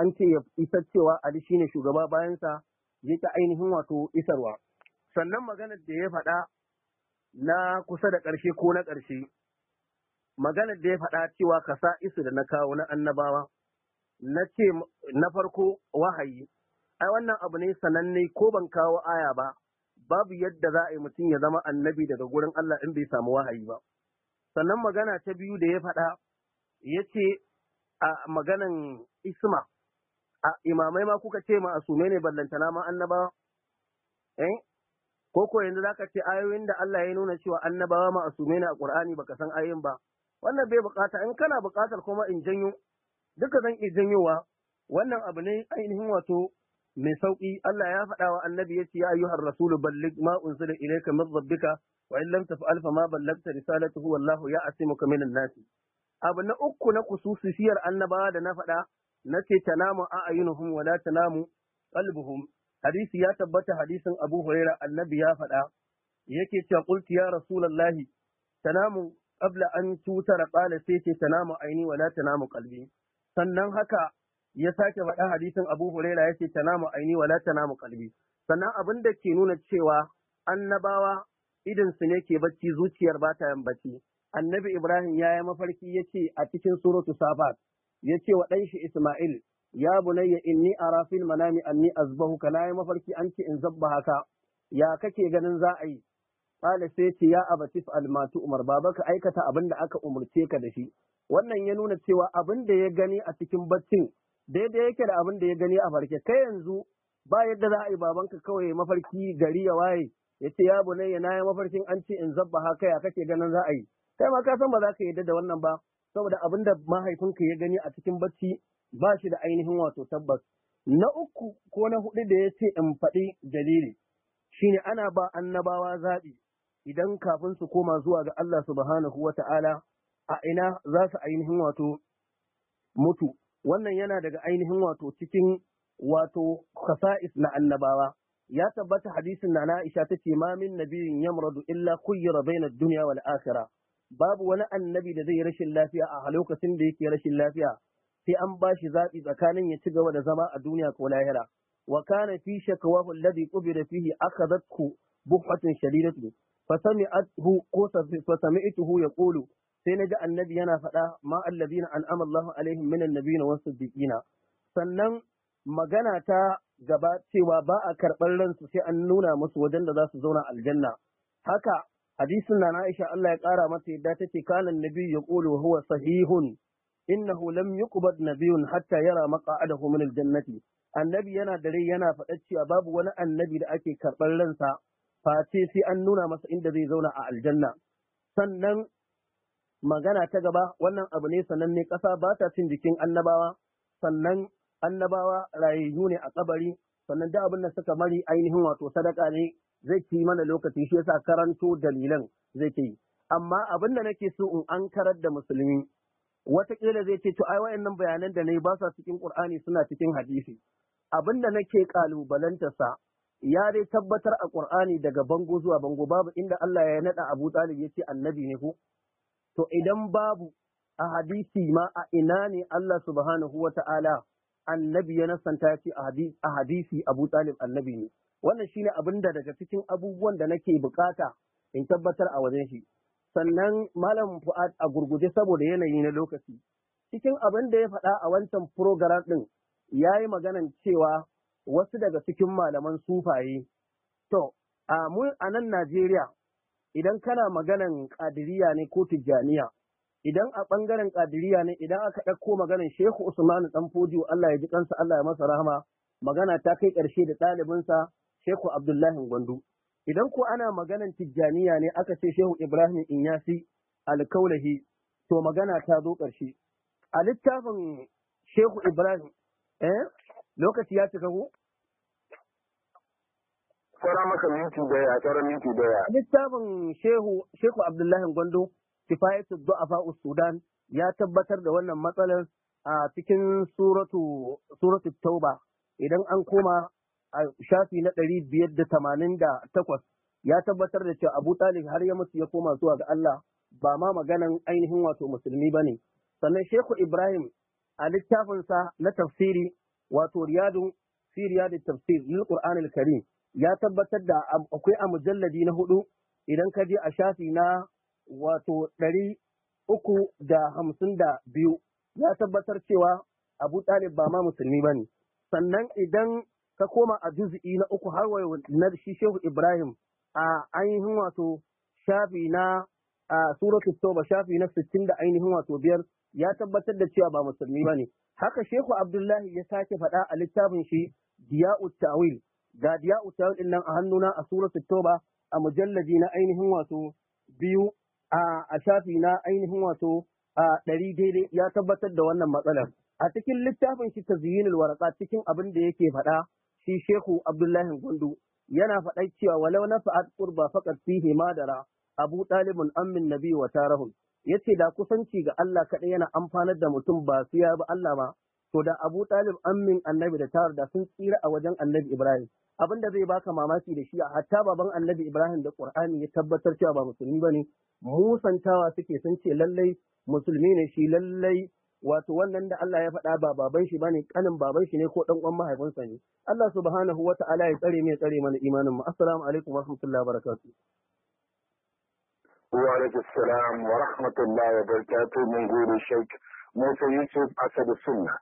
an ce ya isar cewa Ali shine shugaba bayansa ya ta ainihin wato isarwa. Sannan maganar da ya faɗa na kusa da ƙarshe ko na ƙarshe, maganar da ya faɗa cewa ka sa isu da na kawo na annabawa, na ce na farko wahayi, ai wannan abu ne sananne ko ban kawo aya ba, babu yadda za a yi mutum ya zama annabi daga gurin Allah in bai samu wahayi ba. sannan magana ta biyu da ya faɗa ya ce a maganan isma a imamai ma kuka ce ma asume ne ballantana ma annabawa eh ko ko yanzu zaka ce ayoyin da Allah ya nuna cewa annabawa ma asume ne a Qur'ani baka san ayoyin ba wannan bai bukata in kana bukatar kuma in janyo duka zan iya janyowa wannan abu ne ainihin wato mai sauki Allah ya faɗa wa annabi ya ce ya ayyuhar rasulu balligh ma unzila ilayka min rabbika wa in lam taf'al fa ma ballagta risalatuhu wallahu ya'simuka minan nasi abu na uku na kususiyar annabawa da na faɗa nace ce tanamu a ayyunuhum wala tanamu qalbuhum hadisi ya tabbata hadisin Abu Huraira annabi ya faɗa yake cewa qultu ya rasulullahi tanamu qabla an tutara qala sai ce tanamu aini wala tanamu qalbi sannan haka ya sake faɗa hadisin Abu Huraira yace namu aini wala tanamu qalbi sannan abin da ke nuna cewa annabawa idan su ne ke bacci zuciyar ba ta yin bacci annabi ibrahim ya yi mafarki ya ce a cikin suratu safat ya ce wa ɗan shi isma'il ya bunayya inni a fil manami anni azbahuka na yi mafarki an ce in zabba haka ya kake ganin za a yi ɓala sai ce ya abatif almatu umar baba ka aikata abin da aka umarce ka da shi wannan ya nuna cewa abin da ya gani a cikin baccin daidai yake da abin da ya gani a farke kai yanzu ba yadda za a yi babanka kawai mafarki gari ya waye ya ce ya na yi mafarkin an ce in zabba haka ya kake ganin za a yi kai ma ka san ba za ka yarda da wannan ba saboda abin da mahaifinka ya gani a cikin bacci ba shi da ainihin wato tabbas na uku ko na hudu da ya ce in faɗi dalili shine ana ba annabawa zaɓi idan kafin su koma zuwa ga Allah subhanahu wa ta'ala a ina za su ainihin wato mutu wannan yana daga ainihin wato cikin wato kasa'is na annabawa ya tabbata hadisin na Aisha ta ce ma min nabiyin yamradu illa kuyyira bainar duniya wal akhira babu wani annabi da zai rashin lafiya a lokacin da yake rashin lafiya sai an ba shi zaɓi tsakanin ya ci gaba da zama a duniya ko lahira wa kana fi shakawahu alladhi qubira fihi akhadatku buhatan shadidatu fasami'athu ko ya yaqulu sai na ji annabi yana faɗa ma alladhina an'ama Allahu alaihim minan nabiyina was-siddiqina sannan magana ta gaba cewa ba a karɓar ransu sai an nuna musu wajen da za su zauna aljanna haka hadisin na Aisha Allah ya ƙara mata yadda take kana nabi ya qulu huwa sahihun innahu lam yuqbad nabiyyun hatta yara maq'adahu min aljannati annabi yana da rai yana faɗa cewa babu wani annabi da ake karɓar ransa face sai an nuna masa inda zai zauna a aljanna sannan magana ta gaba wannan abu ne sannan ne ƙasa ba ta cin jikin annabawa sannan annabawa rayayyu ne a kabari sannan da abin da suka mari ainihin wato sadaka ne zai ci mana lokaci shi yasa karanto dalilan zai yi. amma abin da nake so in an karar da musulmi wataƙila zai ce to ai wayannan bayanan da nayi ba sa cikin Qur'ani suna cikin hadisi abin da nake kalubalanta sa ya dai tabbatar a Qur'ani daga bango zuwa bango babu inda Allah ya nada Abu Talib yace annabi ne ko to idan babu a hadisi ma a ina ne Allah subhanahu wata'ala annabi ya nasanta ya ce a hadisi Abu Talib annabi ne. Wannan shine abin da daga cikin abubuwan da nake bukata in tabbatar a wajen shi. Sannan Malam Fu'ad a gurguje saboda yanayi na lokaci. Cikin abin da ya faɗa a wancan program ɗin ya yi maganan cewa wasu daga cikin malaman sufaye. To, a mu nan Najeriya idan kana maganan ƙadiriya ne ko tijjaniya idan a ɓangaren ƙadiriya ne idan aka ɗauko maganar Shehu Usman ɗan Fodiyo Allah ya ji kansa Allah ya masa rahama magana ta kai ƙarshe da ɗalibinsa Shehu Abdullahi Gwandu. Idan ko ana maganar Tijjaniya ne aka ce Shehu Ibrahim Inyasi alkaulahi to magana ta zo ƙarshe. A littafin Shehu Ibrahim eh lokaci ya cika ko? Tsara maka minti daya, tsara minti daya. Littafin Shehu Shehu Abdullahi Gwando kifayatul du'afa sudan ya tabbatar da wannan matsalar a cikin suratu suratu tauba idan an koma a shafi na ɗari biyar da tamanin da takwas ya tabbatar da cewa abu talib har ya mutu ya koma zuwa ga Allah ba ma maganan ainihin wato musulmi ba ne sannan shehu ibrahim a littafinsa na tafsiri wato riyadu fi da tafsir lil qur'an al karim ya tabbatar da akwai a mujalladi na hudu idan ka je a shafi na wato ɗari uku da hamsin da biyu ya tabbatar cewa abu ɗalib ba ma musulmi ba ne sannan idan ka koma a juz'i na uku har wayo na shi shehu ibrahim a ainihin wato shafi na a suratul tauba shafi na sittin da ainihin wato biyar ya tabbatar da cewa ba musulmi ba ne haka shehu abdullahi ya sake faɗa a littafin shi diya'u ta'wil ga diya'u ta'wil nan a hannuna a suratul tauba a mujallaji na ainihin wato biyu a shafi na ainihin wato ɗari daidai ya tabbatar da wannan matsalar. A cikin littafin shi tazyinul waraka cikin abin da yake faɗa shi Shehu Abdullahi Gundu yana faɗa cewa walau na fa'ad qurba faqad fihi madara Abu Talibun ammin nabi wa Ya yace da kusanci ga Allah kaɗai yana amfanar da mutum ba su ya ba Allah ba to da Abu Talib ammin annabi da tarar da sun tsira a wajen annabi Ibrahim abin da zai baka mamaki da shi hatta baban annabi ibrahim da qur'ani ya tabbatar cewa ba musulmi bane musantawa suke sun ce lallai musulmi ne shi lallai wato wannan da Allah ya faɗa ba baban shi bane kanin baban shi ne ko dan uwan mahaifinsa ne Allah subhanahu ta'ala ya tsare mai tsare mana imanin mu assalamu alaikum wa rahmatullahi wa barakatuh wa alaikum assalam wa rahmatullahi wa barakatuh mun gode sheik Musa Yusuf Asadu Sunna